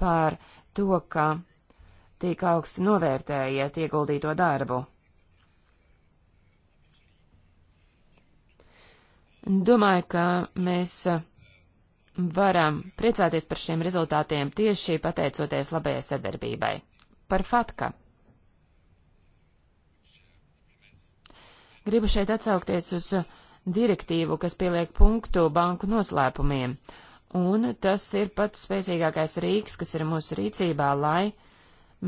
par to, ka tik augstu novērtējiet ieguldīto darbu. Domāju, ka mēs uh, varam priecāties par šiem rezultātiem tieši pateicoties labajai sadarbībai. Par fatka. Gribu šeit atsaukties uz uh, direktīvu, kas pieliek punktu banku noslēpumiem, un tas ir pats spēcīgākais rīks, kas ir mūsu rīcībā, lai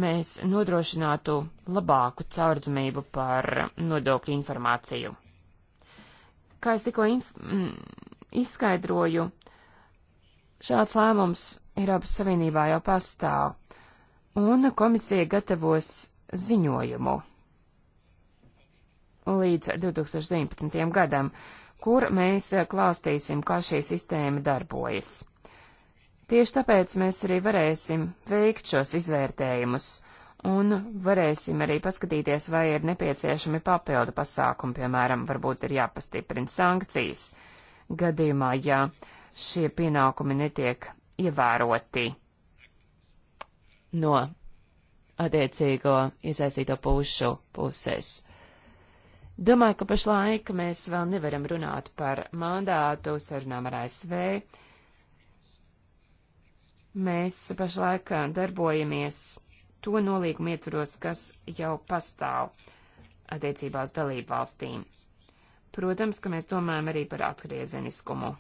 mēs nodrošinātu labāku caurdzamību par nodokļu informāciju. Kā es tikko inf izskaidroju, šāds lēmums Eiropas Savienībā jau pastāv, un komisija gatavos ziņojumu līdz 2019. gadam, kur mēs eh, klāstīsim, kā šī sistēma darbojas. Tieši tāpēc mēs arī varēsim veikt šos izvērtējumus un varēsim arī paskatīties, vai ir nepieciešami papildu pasākumi, piemēram, varbūt ir jāpastiprina sankcijas gadījumā, ja šie pienākumi netiek ievēroti no attiecīgo iesaistīto pušu puses. Domāju, ka pašlaik mēs vēl nevaram runāt par mandātu sarunām ar ASV Mēs pašlaik darbojamies to nolīgumu ietvaros, kas jau pastāv attiecībā uz dalību valstīm. Protams, ka mēs domājam arī par atgriezeniskumu.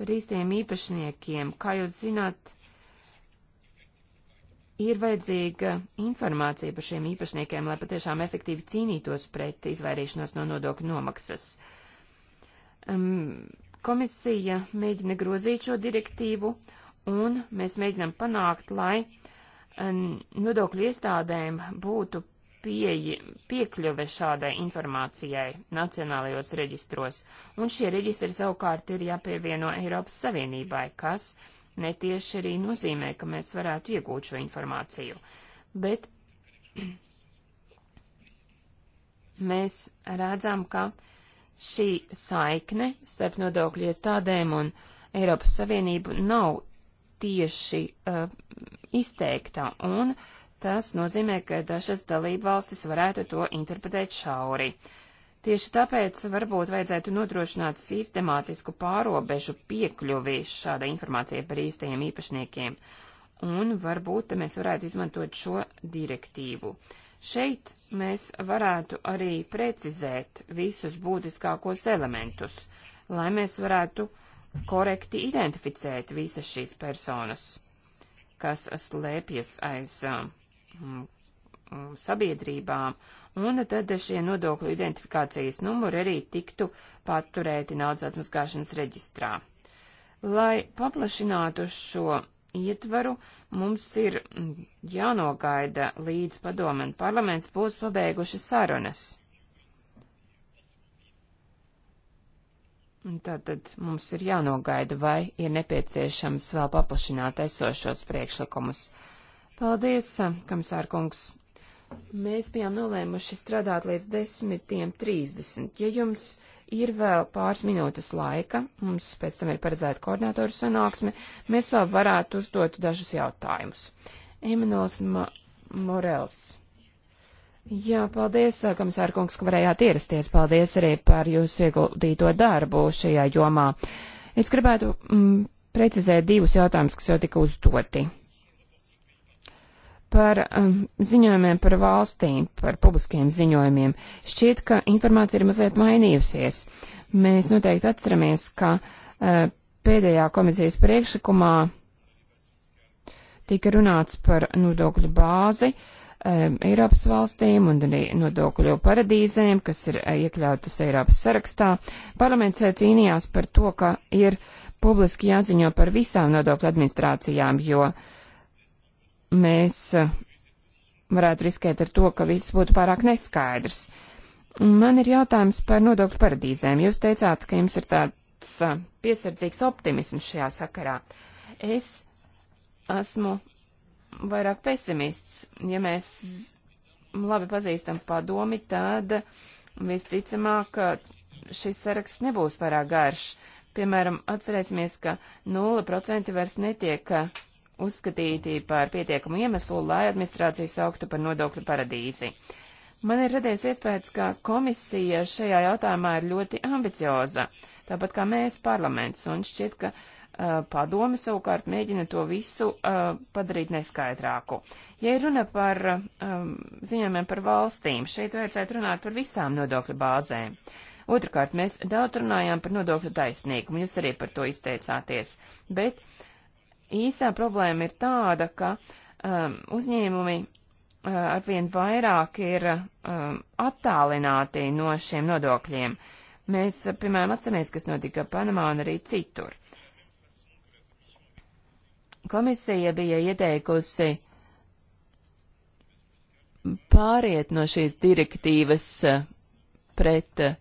Par īstiem īpašniekiem, kā jūs zināt, ir vajadzīga informācija par šiem īpašniekiem, lai patiešām efektīvi cīnītos pret izvairīšanos no nodokļu nomaksas. Um, Komisija mēģina grozīt šo direktīvu, un mēs mēģinām panākt, lai eh, nodokļu iestādēm būtu pieeja, piekļuve šādai informācijai nacionālajos reģistros, un šie reģistri savukārt ir jāpievieno Eiropas Savienībai, kas netieši arī nozīmē, ka mēs varētu iegūt šo informāciju. Bet mēs redzam, ka Šī saikne starp nodokļu iestādēm un Eiropas Savienību nav tieši uh, izteikta, un tas nozīmē, ka dažas dalība valstis varētu to interpretēt šauri. Tieši tāpēc varbūt vajadzētu nodrošināt sistemātisku pārobežu piekļuvi šāda informācija par īstajiem īpašniekiem, un varbūt mēs varētu izmantot šo direktīvu. Uh, Šeit mēs varētu arī precizēt visus būtiskākos elementus, lai mēs varētu korekti identificēt visas šīs personas, kas slēpjas aiz um, mm, mm, sabiedrībām, un tad šie nodokļu identifikācijas numuri arī tiktu paturēti naudas atmaskāšanas reģistrā. Lai paplašinātu šo ietvaru mums ir mm, jānogaida līdz padomu un parlaments būs pabeiguši sarunas. Tātad mums ir jānogaida, vai ir nepieciešams vēl paplašināt esošos priekšlikumus. Paldies, komisārkungs! Mēs bijām nolēmuši strādāt līdz 10.30. Ja jums ir vēl pāris minūtes laika, mums pēc tam ir paredzēta koordinātoru sanāksme, mēs vēl varētu uzdot dažus jautājumus. Emanuels Morels. Jā, paldies, komisārkungs, ka varējāt ierasties. Paldies arī par jūsu ieguldīto darbu šajā jomā. Es gribētu mm, precizēt divus jautājumus, kas jau tika uzdoti par um, ziņojumiem par valstīm, par publiskiem ziņojumiem. Šķiet, ka informācija ir mazliet mainījusies. Mēs noteikti atceramies, ka uh, pēdējā komisijas priekšlikumā tika runāts par nodokļu bāzi um, Eiropas valstīm un arī nodokļu paradīzēm, kas ir uh, iekļautas Eiropas sarakstā. Parlaments uh, cīnījās par to, ka ir publiski jāziņo par visām nodokļu administrācijām, jo uh, mēs eh, varētu riskēt ar to, ka viss būtu pārāk neskaidrs. Man ir jautājums par nodokļu paradīzēm. Jūs teicāt, ka jums ir tāds eh, piesardzīgs optimisms šajā sakarā. Es esmu vairāk pesimists. Ja mēs labi pazīstam padomi, tad visticamāk eh, šis saraksts nebūs pārāk garš. Piemēram, atcerēsimies, ka 0% vairs netiek uzskatīti par pietiekamu iemeslu, lai administrācija sauktu par nodokļu paradīzi. Man ir radies iespējas, ka komisija šajā jautājumā ir ļoti ambicioza, tāpat kā mēs parlaments, un šķiet, ka uh, padome savukārt mēģina to visu uh, padarīt neskaidrāku. Ja ir runa par uh, ziņojumiem par valstīm, šeit vajadzētu runāt par visām nodokļu bāzēm. Otrakārt, mēs daudz runājām par nodokļu taisnīgumu, jūs arī par to izteicāties, bet uh, Īsā problēma ir tāda, ka um, uzņēmumi uh, arvien vairāk ir um, attālināti no šiem nodokļiem. Mēs, piemēram, atceramies, kas notika Panamā un arī citur. Komisija bija ieteikusi pāriet no šīs direktīvas uh, pret uh,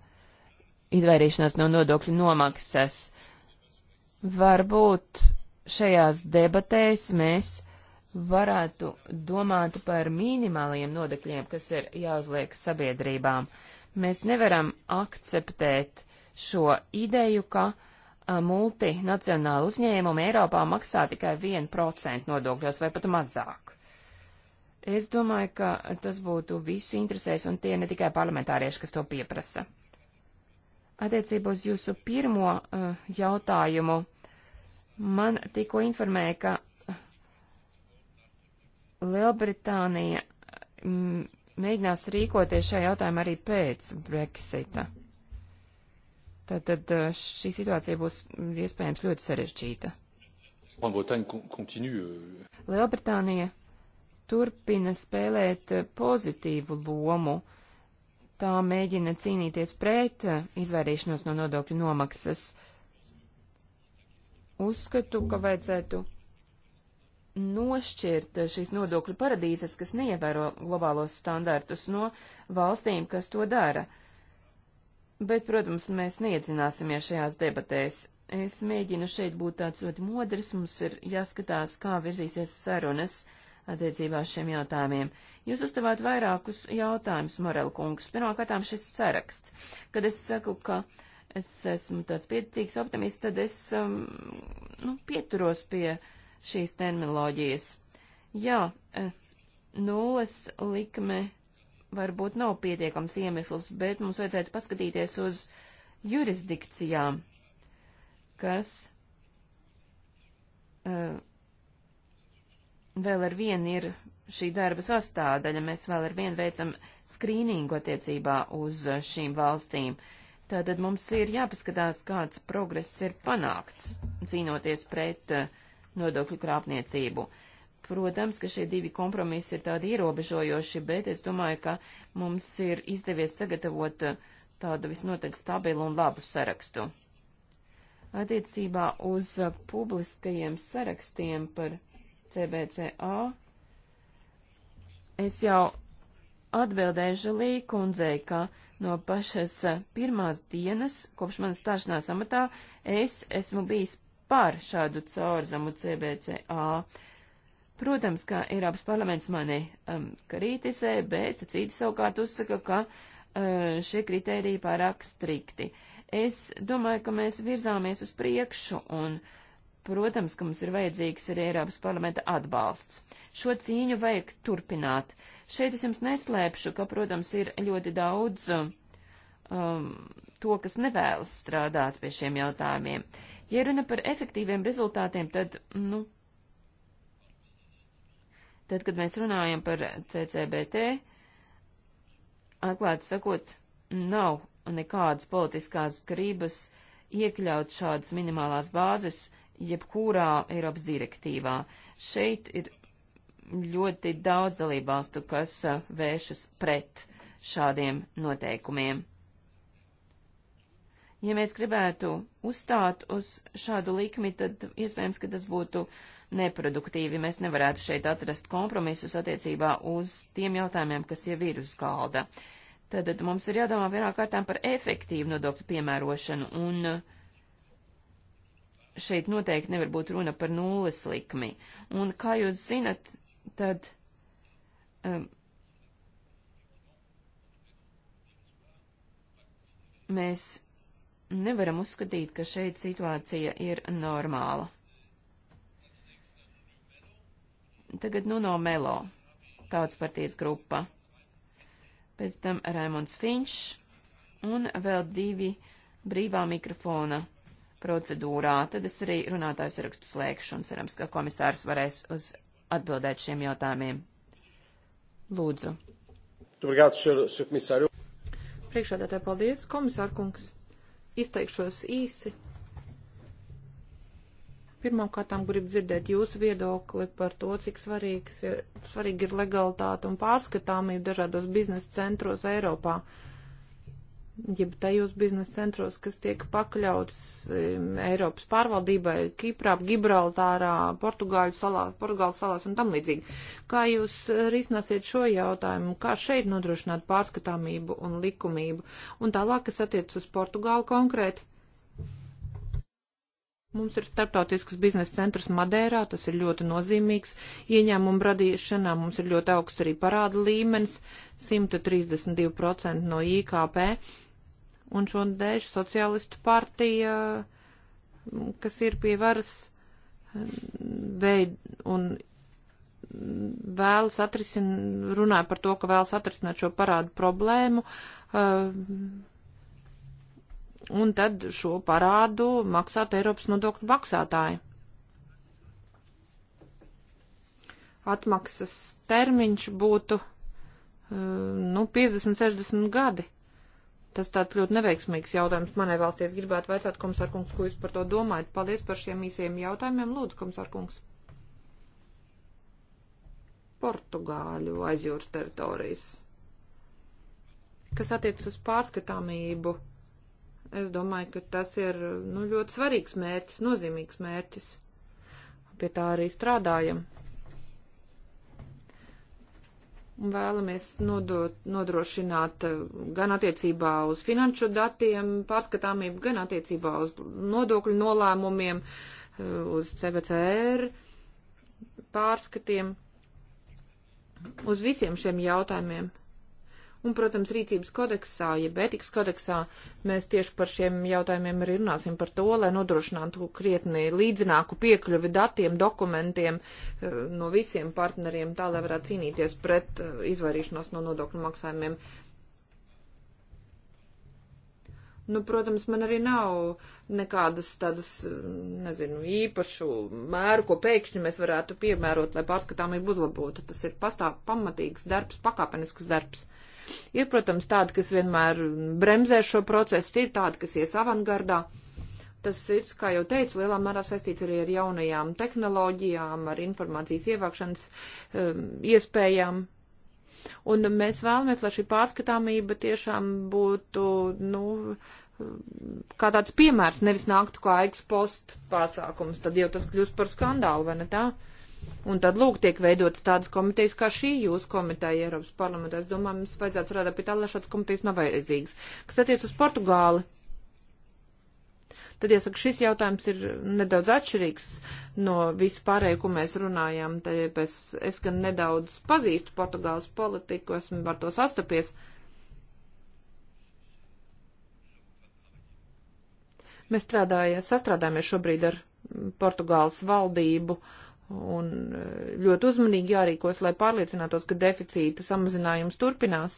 izvairīšanās no nodokļu nomaksas. Varbūt šajās debatēs mēs varētu domāt par minimāliem nodekļiem, kas ir jāuzliek sabiedrībām. Mēs nevaram akceptēt šo ideju, ka multinacionāli uzņēmumi Eiropā maksā tikai 1% nodokļos vai pat mazāk. Es domāju, ka tas būtu visu interesēs, un tie ne tikai parlamentārieši, kas to pieprasa. Attiecībā uz jūsu pirmo uh, jautājumu Man tikko informēja, ka uh, Lielbritānija mm, mēģinās rīkoties šajā jautājumā arī pēc Brexita. Tātad uh, šī situācija būs iespējams ļoti sarežģīta. Euh. Lielbritānija turpina spēlēt uh, pozitīvu lomu. Tā mēģina cīnīties pret izvairīšanos no nodokļu nomaksas. Uh, Uzskatu, ka vajadzētu nošķirt šīs nodokļu paradīzes, kas neievēro globālos standartus, no valstīm, kas to dara. Bet, protams, mēs neiedzināsimies šajās debatēs. Es mēģinu šeit būt tāds ļoti modrs, mums ir jāskatās, kā virzīsies sarunas attiecībā uz šiem jautājumiem. Jūs uzdevāt vairākus jautājumus, Morel kungs. Pirmkārtām šis saraksts, kad es saku, ka uh, es esmu tāds pieticīgs optimists, tad es um, nu, pieturos pie šīs terminoloģijas. Jā, eh, nulles likme varbūt nav pietiekams iemesls, bet mums vajadzētu paskatīties uz jurisdikcijām, kas uh, vēl ar vienu ir šī darba sastāvdaļa. Mēs vēl ar vienu veicam skrīningu attiecībā uz šīm valstīm. Uh, Tātad mums ir jāpaskatās, kāds progress ir panākts, cīnoties pret eh, nodokļu krāpniecību. Protams, ka šie divi kompromisi ir tādi ierobežojoši, bet es domāju, ka mums ir izdevies sagatavot eh, tādu visnotaļ stabilu un labu sarakstu. Attiecībā uz eh, publiskajiem sarakstiem par CBCA es jau Atbildēšu Līkundzei, ka no pašas eh, pirmās dienas, kopš manas stāšanās amatā, es esmu bijis par šādu caurzamu CBCA. Protams, ka Eiropas parlaments mani um, kritizē, bet citi savukārt uzsaka, ka uh, šie kriteriji pārāk strikti. Es domāju, ka mēs virzāmies uz priekšu un uh, Protams, ka mums ir vajadzīgs arī Eiropas parlamenta atbalsts. Šo cīņu vajag turpināt. Šeit es jums neslēpšu, ka, protams, ir ļoti daudz um, to, kas nevēlas strādāt pie šiem jautājumiem. Ja runa par efektīviem rezultātiem, tad, nu, tad, kad mēs runājam par CCBT, atklāti sakot, nav nekādas politiskās gribas iekļaut šādas minimālās bāzes jebkurā Eiropas direktīvā. Šeit ir ļoti daudz dalībvalstu, kas uh, vēršas pret šādiem noteikumiem. Ja mēs gribētu uzstāt uz šādu likmi, tad iespējams, ka tas būtu neproduktīvi. Mēs nevarētu šeit atrast kompromisus attiecībā uz tiem jautājumiem, kas jau ir uz galda. Tātad mums ir jādomā vienā kārtām par efektīvu nodokļu piemērošanu un uh, šeit noteikti nevar būt runa par nulles likmi. Un kā jūs zinat, tad. Um, mēs nevaram uzskatīt, ka šeit situācija ir normāla. Tagad nu no Melo, tautas partijas grupa, pēc tam Raimons Finčs un vēl divi brīvā mikrofona procedūrā. Tad es arī runātājs rakstu slēgšu un cerams, ka komisārs varēs uz atbildēt šiem jautājumiem. Lūdzu. Priekšādātāji, paldies, komisārkungs. Izteikšos īsi. Pirmkārtām gribu dzirdēt jūsu viedokli par to, cik svarīgs, svarīgi ir legalitāte un pārskatāmība dažādos biznesa centros Eiropā. Uh, jeb tajos biznesa centros, kas tiek pakļauts Eiropas pārvaldībai, Kiprā, Gibraltārā, Portugāļu salās, Portugāles salās un tam līdzīgi. Kā jūs risināsiet šo jautājumu, kā šeit nodrošināt pārskatāmību un likumību? Un tālāk, kas attiec uz Portugālu konkrēti. Mums ir starptautisks biznesa centrs Madērā, tas ir ļoti nozīmīgs ieņēmumu radīšanā, mums ir ļoti augsts arī parāda līmenis, 132% no IKP un šodien sociālistu partija, mm, kas ir pie varas, mm, veid un mm, vēlas atrisināt, runāja par to, ka vēlas atrisināt šo parādu problēmu, eh, un tad šo parādu maksāt Eiropas nodokļu maksātāji. Atmaksas termiņš būtu, eh, nu, 50-60 gadi. Tas tāds ļoti neveiksmīgs jautājums manai valstī. Es gribētu vaicāt, komisārkungs, ko jūs par to domājat. Paldies par šiem īsiem jautājumiem. Lūdzu, komisārkungs. Portugāļu aizjūras teritorijas. Kas attiec uz pārskatāmību, es domāju, ka tas ir nu, ļoti svarīgs mērķis, nozīmīgs mērķis. Pie tā arī strādājam un vēlamies nodot, nodrošināt eh, gan attiecībā uz finanšu datiem pārskatāmību, gan attiecībā uz nodokļu nolēmumiem, eh, uz CBCR pārskatiem, uz visiem šiem jautājumiem. Un, protams, rīcības kodeksā, ja etikas kodeksā, mēs tieši par šiem jautājumiem arī runāsim par to, lai nodrošinātu krietni līdzināku piekļuvi datiem, dokumentiem eh, no visiem partneriem, tā lai varētu cīnīties pret eh, izvairīšanos no nodokļu maksājumiem. Nu, protams, man arī nav nekādas tādas, nezinu, īpašu mēru, ko pēkšņi mēs varētu piemērot, lai pārskatāmību uzlabotu. Tas ir pastāv pamatīgs darbs, pakāpenisks darbs. Uh, Ir, protams, tādi, kas vienmēr bremzē šo procesu, ir tādi, kas ies avangardā. Tas ir, kā jau teicu, lielā mērā saistīts arī ar jaunajām tehnoloģijām, ar informācijas ievākšanas um, iespējām. Un mēs vēlamies, lai šī pārskatāmība tiešām būtu, nu, kā tāds piemērs, nevis nāktu kā ekspost pasākums, tad jau tas kļūst par skandālu, vai ne tā? Uh, Un tad, lūk, tiek veidotas tādas komitejas kā šī jūsu komiteja Eiropas parlamentā. Es domāju, mums vajadzētu strādāt pie tā, lai šādas komitejas nav vajadzīgas. Kas attiec uz Portugāli, tad, jāsaka, šis jautājums ir nedaudz atšķirīgs no vispārēju, ko mēs runājām. Tāpēc es gan nedaudz pazīstu Portugāles politiku, esmu ar to sastapies. Mēs strādājam, sastrādājamies šobrīd ar Portugāles valdību. Uh, Un eh, ļoti uzmanīgi jārīkos, lai pārliecinātos, ka deficīta samazinājums turpinās.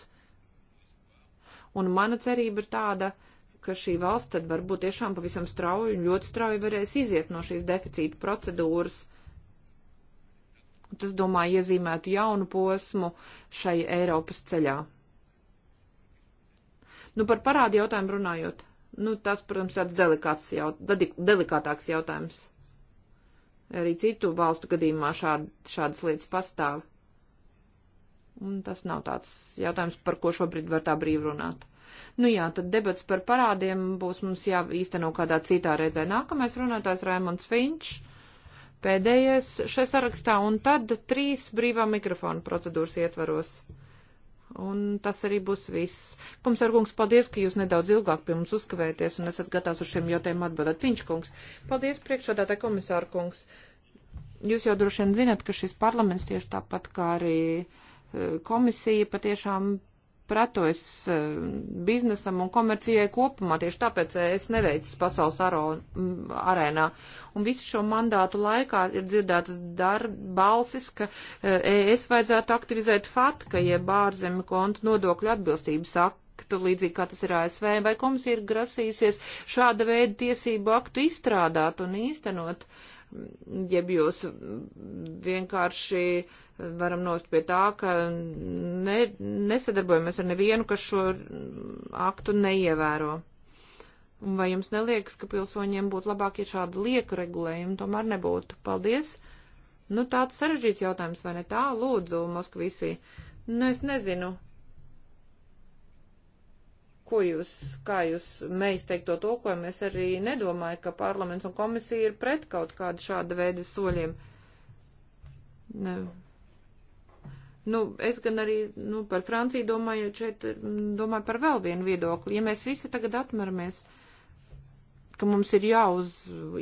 Un mana cerība ir tāda, ka šī valsts tad varbūt tiešām pavisam strauji un ļoti strauji varēs iziet no šīs deficīta procedūras. Tas, domāju, iezīmētu jaunu posmu šai Eiropas ceļā. Nu, par parādu jautājumu runājot. Nu, tas, protams, tāds delikāts, jaut, delikātāks jautājums. Arī citu valstu gadījumā šād, šādas lietas pastāv. Un tas nav tāds jautājums, par ko šobrīd var tā brīvi runāt. Nu jā, tad debats par parādiem būs mums jāīsteno kādā citā reizē. Nākamais runātājs Raimonds Finčs, pēdējais šajā sarakstā, un tad trīs brīvā mikrofona procedūras ietvaros. Un tas arī būs viss. Kumsargungs, paldies, ka jūs nedaudz ilgāk pie mums uzkavēties un esat gatavs uz šiem jautājumiem atbildēt. Finčkungs, paldies priekšādātā komisāra kungs. Jūs jau droši vien zinat, ka šis parlaments tieši tāpat kā arī eh, komisija patiešām pretojas eh, biznesam un komercijai kopumā, tieši tāpēc es neveicu pasaules aro, arēnā. Un visu šo mandātu laikā ir dzirdētas dar, balsis, ka eh, es vajadzētu aktivizēt FATKA, jeb ārzemju kontu nodokļu atbilstības aktu, līdzīgi kā tas ir ASV, vai komisija ir grasījusies šāda veida tiesību aktu izstrādāt un īstenot. Uh, jeb jūs vienkārši varam nost pie tā, ka ne, nesadarbojamies ar nevienu, kas šo aktu neievēro. Un vai jums neliekas, ka pilsoņiem būtu labāk, ja šādu lieku regulējumu tomēr nebūtu? Paldies! Nu, tāds sarežģīts jautājums, vai ne tā? Lūdzu, Moskvisī. Nu, es nezinu ko jūs, kā jūs mēs teikto tulkojam, es arī nedomāju, ka parlaments un komisija ir pret kaut kādu šāda veida soļiem. Ne. Nu, es gan arī nu, par Franciju domāju, šeit domāju par vēl vienu viedokli. Ja mēs visi tagad atmeramies, ka mums ir jāuz,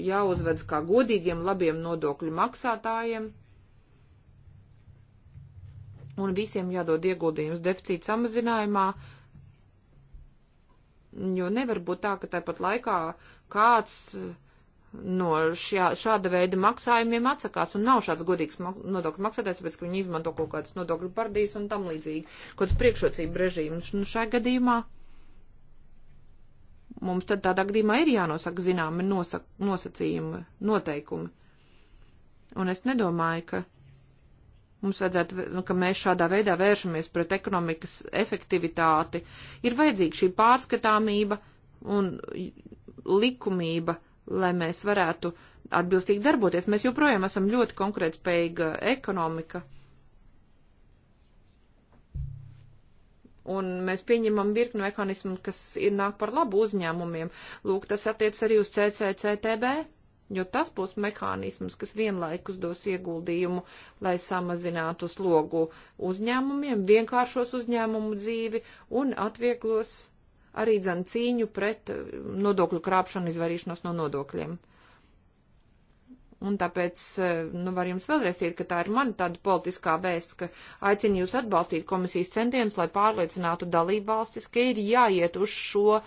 jāuzvedz kā godīgiem, labiem nodokļu maksātājiem un visiem jādod ieguldījums deficīta samazinājumā, uh, Jo nevar būt tā, ka tāpat laikā kāds eh, no šā, šāda veida maksājumiem atsakās un nav šāds godīgs nodokļu maksātājs, tāpēc, ka viņi izmanto kaut kādas nodokļu pardīs un tam līdzīgi, kaut kāds priekšrocību režīms. Nu, šajā gadījumā mums tad tādā gadījumā ir jānosaka zināmi nosacījumi, noteikumi. Un es nedomāju, ka mums vajadzētu, ka mēs šādā veidā vēršamies pret ekonomikas efektivitāti, ir vajadzīga šī pārskatāmība un likumība, lai mēs varētu atbilstīgi darboties. Mēs joprojām esam ļoti konkrētspējīga ekonomika. Un mēs pieņemam virkni mekanismu, kas ir nāk par labu uzņēmumiem. Lūk, tas attiec arī uz CCCTB jo tas būs mehānisms, kas vienlaikus dos ieguldījumu, lai samazinātu slogu uzņēmumiem, vienkāršos uzņēmumu dzīvi un atvieglos arī dzen cīņu pret eh, nodokļu krāpšanu, izvairīšanos no nodokļiem. Un tāpēc, eh, nu, var jums vēlreiz teikt, ka tā ir mana tāda politiskā vēsts, ka aicinu jūs atbalstīt komisijas centienus, lai pārliecinātu dalību valstis, ka ir jāiet uz šo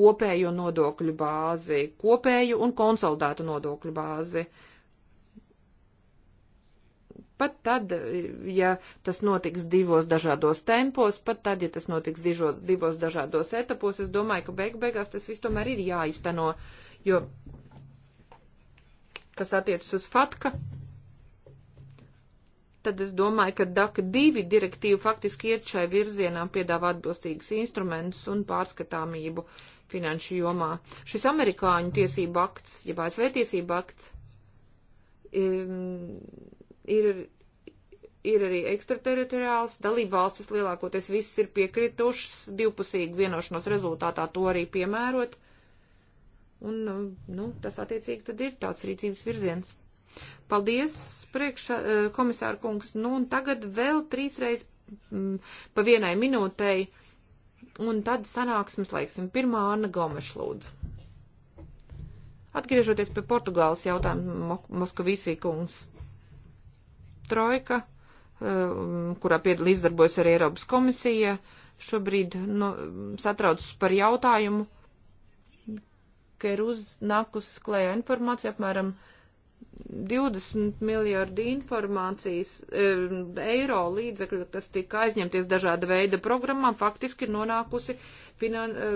kopējo nodokļu bāzi, kopēju un konsolidētu nodokļu bāzi. Pat tad, ja tas notiks divos dažādos tempos, pat tad, ja tas notiks dižo, divos dažādos etapos, es domāju, ka beig beigās tas viss tomēr ir jāizteno, jo kas attiecas uz FATKA, tad es domāju, ka DAKA 2 direktīva faktiski iet šai virzienā piedāvā atbilstīgas instrumentus un pārskatāmību finanšu jomā. Šis amerikāņu tiesību akts, ja ASV tiesību akts, ir, ir arī ekstrateritoriāls, dalība valstis lielākoties viss ir piekritušas, divpusīgi vienošanos rezultātā to arī piemērot. Uh, Un, nu, tas attiecīgi tad ir tāds rīcības virziens. Paldies, priekšā eh, komisāra kungs. Nu, un tagad vēl trīsreiz mm, pa vienai minūtei. Un tad sanāksmes laiksim. Pirmā Anna Gomeša lūdzu. Atgriežoties pie Portugāles jautājuma, Moskavīsī kungs. Trojka, eh, kurā piedalīdzdarbojas arī Eiropas komisija, šobrīd nu, satraucas par jautājumu ka ir uznākus klējā informācija apmēram uh, 20 miljardi informācijas e, eiro līdzekļu, kas tika aizņemties dažāda veida programmām, faktiski ir nonākusi finan, e,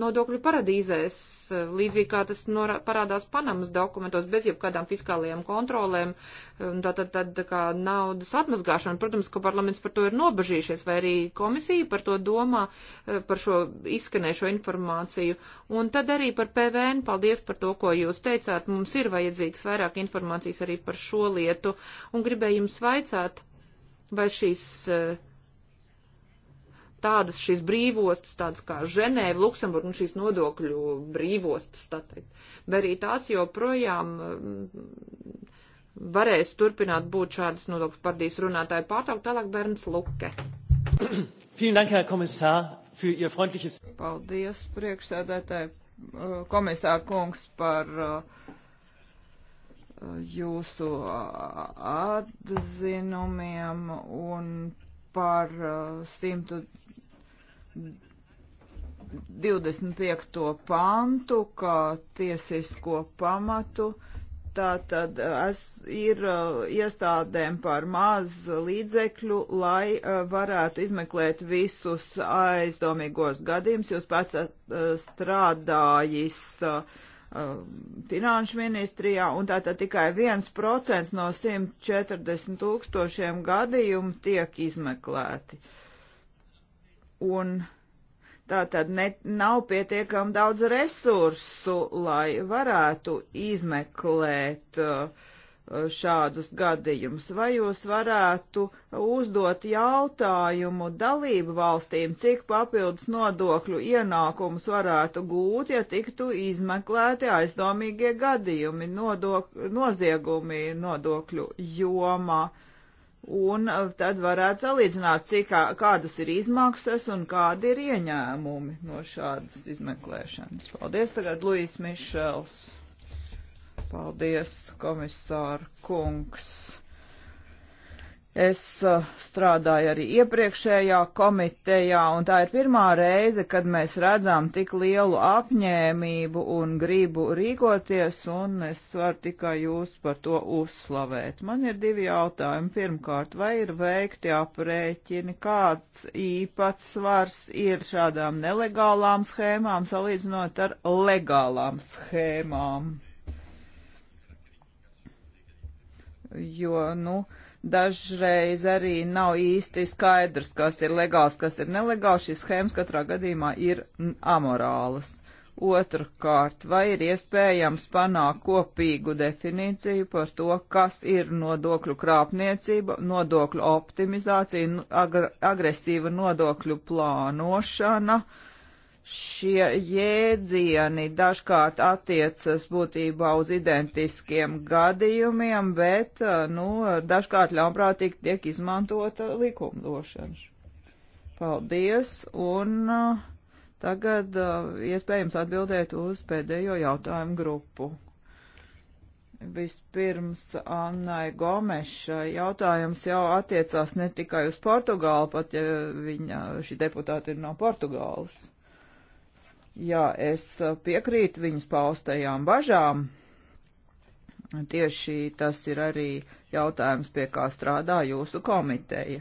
nodokļu paradīzēs, e, līdzīgi kā tas norā, parādās Panamas dokumentos, bez jebkādām fiskālajām kontrolēm, tātad tā, tā, kā naudas atmazgāšana. Protams, ka parlaments par to ir nobežījušies, vai arī komisija par to domā, par šo izskanēšo informāciju. Un tad arī par PVN, paldies par to, ko jūs teicāt, mums ir vajadzīgs vairāk informācijas informācijas arī par šo lietu un gribēju jums vaicāt, vai šīs eh, tādas šīs brīvostas, tādas kā Ženēva, Luksemburga un šīs nodokļu brīvostas, tā teikt, vai arī tās joprojām mm, varēs turpināt būt šādas nodokļu pardīs runātāju pārtraukt tālāk Bērns Luke. Vielen Dank, Herr Kommissar, für Ihr freundliches. Paldies, priekšsēdētāji, eh, komisār kungs, par uh, jūsu atzinumiem un par 125. pantu kā tiesisko pamatu. Tātad es, ir iestādēm par maz līdzekļu, lai varētu izmeklēt visus aizdomīgos gadījumus. Jūs pats strādājis uh, Um, finanšu ministrijā, un tātad tikai 1% no 140 tūkstošiem gadījumu tiek izmeklēti. Un tātad ne, nav pietiekam daudz resursu, lai varētu izmeklēt uh, šādus gadījumus, vai jūs varētu uzdot jautājumu dalību valstīm, cik papildus nodokļu ienākumus varētu gūt, ja tiktu izmeklēti aizdomīgie gadījumi, nodok, noziegumi nodokļu jomā. Un tad varētu salīdzināt, cik, kādas ir izmaksas un kādi ir ieņēmumi no šādas izmeklēšanas. Paldies tagad, Luis Mišels. Paldies, komisāra kungs. Es eh, strādāju arī iepriekšējā komitejā, un tā ir pirmā reize, kad mēs redzam tik lielu apņēmību un gribu rīkoties, un es varu tikai jūs par to uzslavēt. Man ir divi jautājumi. Pirmkārt, vai ir veikti aprēķini, kāds īpatsvars ir šādām nelegālām schēmām salīdzinot ar legālām schēmām? jo, nu, dažreiz arī nav īsti skaidrs, kas ir legāls, kas ir nelegāls. Šīs schēmas katrā gadījumā ir amorālas. Otrakārt, vai ir iespējams panākt kopīgu definīciju par to, kas ir nodokļu krāpniecība, nodokļu optimizācija, agresīva nodokļu plānošana, uh, šie jēdzieni dažkārt attiecas būtībā uz identiskiem gadījumiem, bet, eh, nu, dažkārt ļaunprātīgi tiek izmantota eh, likumdošana. Paldies, un eh, tagad iespējams atbildēt uz pēdējo jautājumu grupu. Vispirms Annai Gomešai jautājums jau attiecās ne tikai uz Portugālu, pat ja viņa šī deputāta ir no Portugāles. Jā, es piekrītu viņas paustajām bažām. Tieši tas ir arī jautājums, pie kā strādā jūsu komiteja.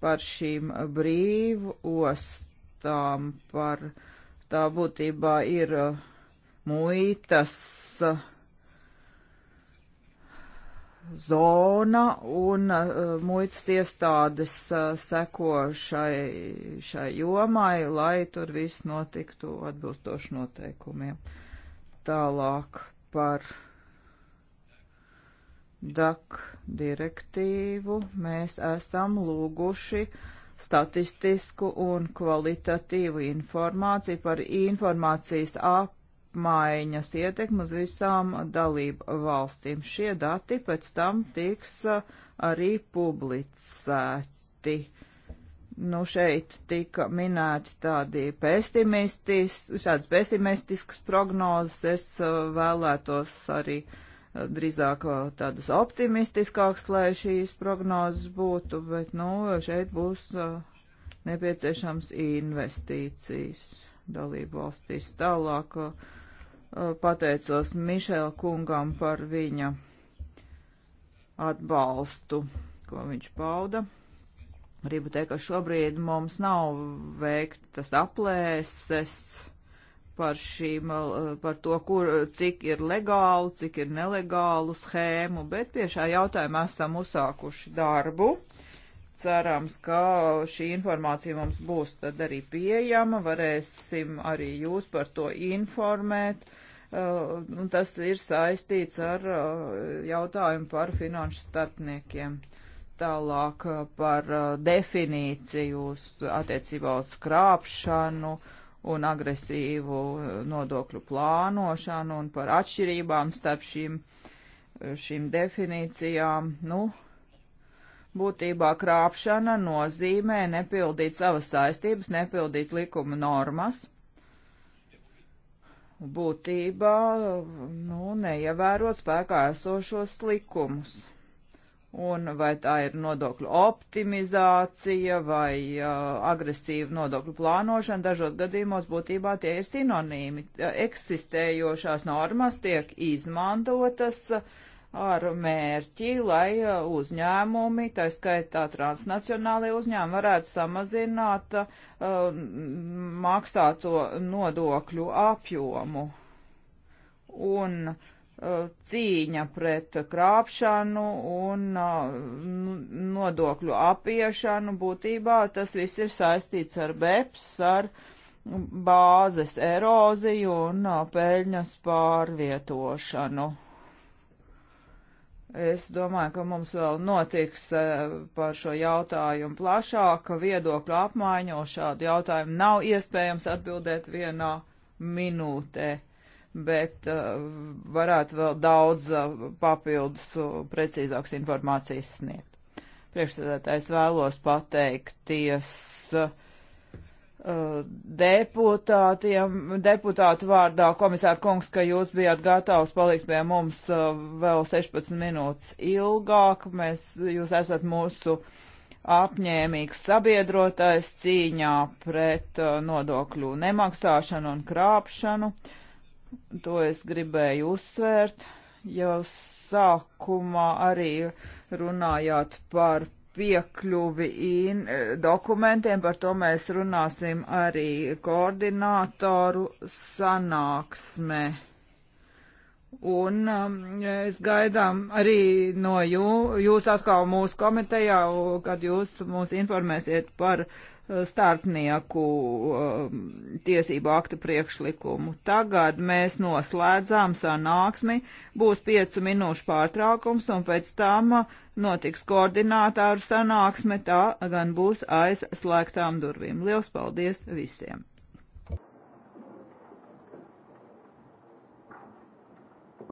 Par šīm brīvostām, par tā būtībā ir muitas uh, zona un uh, muitas iestādes uh, seko šai, šai jomai, lai tur viss notiktu atbilstoši noteikumiem. Tālāk par DAK direktīvu mēs esam lūguši statistisku un kvalitatīvu informāciju par informācijas ap apmaiņas ietekmu uz visām dalību valstīm. Šie dati pēc tam tiks arī publicēti. Nu, šeit tika minēti tādi pesimistisks, šāds pesimistisks prognozes. Es vēlētos arī drīzāk tādas optimistiskākas, lai šīs prognozes būtu, bet, nu, šeit būs nepieciešams investīcijas dalību valstīs tālāk. Uh, Uh, pateicos Mišela kungam par viņa atbalstu, ko viņš pauda. Gribu teikt, ka šobrīd mums nav veiktas aplēses par, šīm, uh, par to, kur, cik ir legālu, cik ir nelegālu schēmu, bet pie šā jautājuma esam uzsākuši darbu cerams, ka šī informācija mums būs tad arī pieejama, varēsim arī jūs par to informēt. Uh, un tas ir saistīts ar uh, jautājumu par finanšu starpniekiem. Tālāk uh, par uh, definīciju attiecībā uz krāpšanu un agresīvu uh, nodokļu plānošanu un par atšķirībām starp šīm, šīm definīcijām. Nu, Būtībā krāpšana nozīmē nepildīt savas saistības, nepildīt likuma normas. Būtībā nu, neievērot spēkā esošos likumus. Un vai tā ir nodokļu optimizācija vai uh, agresīva nodokļu plānošana, dažos gadījumos būtībā tie ir sinonīmi. Eksistējošās normas tiek izmantotas uh, ar mērķi, lai uh, uzņēmumi, tā skaitā transnacionālie uzņēmumi, varētu samazināt uh, maksāto nodokļu apjomu. Un uh, cīņa pret krāpšanu un uh, nodokļu apiešanu. Būtībā tas viss ir saistīts ar BEPS, ar bāzes eroziju un uh, peļņas pārvietošanu. Es domāju, ka mums vēl notiks eh, par šo jautājumu plašāka viedokļa apmaiņa, jo šādu jautājumu nav iespējams atbildēt vienā minūtē, bet eh, varētu vēl daudz eh, papildus precīzāks informācijas sniegt. Priekšsēdētājs vēlos pateikties. Uh, deputātiem, deputātu vārdā, komisāra kungs, ka jūs bijāt gatavs palikt pie mums uh, vēl 16 minūtes ilgāk. Mēs, jūs esat mūsu apņēmīgs sabiedrotais cīņā pret uh, nodokļu nemaksāšanu un krāpšanu. To es gribēju uzsvērt. Jūs sākumā arī runājāt par piekļuvi in, e, dokumentiem, par to mēs runāsim arī koordinātoru sanāksmē. Un um, es gaidām arī no jū, jūs atkal mūsu komitejā, kad jūs mūs informēsiet par uh, starpnieku um, tiesību aktu priekšlikumu. Tagad mēs noslēdzām sanāksmi, būs piecu minūšu pārtraukums un pēc tam uh, notiks koordinātāru sanāksme, tā gan būs aiz slēgtām durvīm. Liels paldies visiem!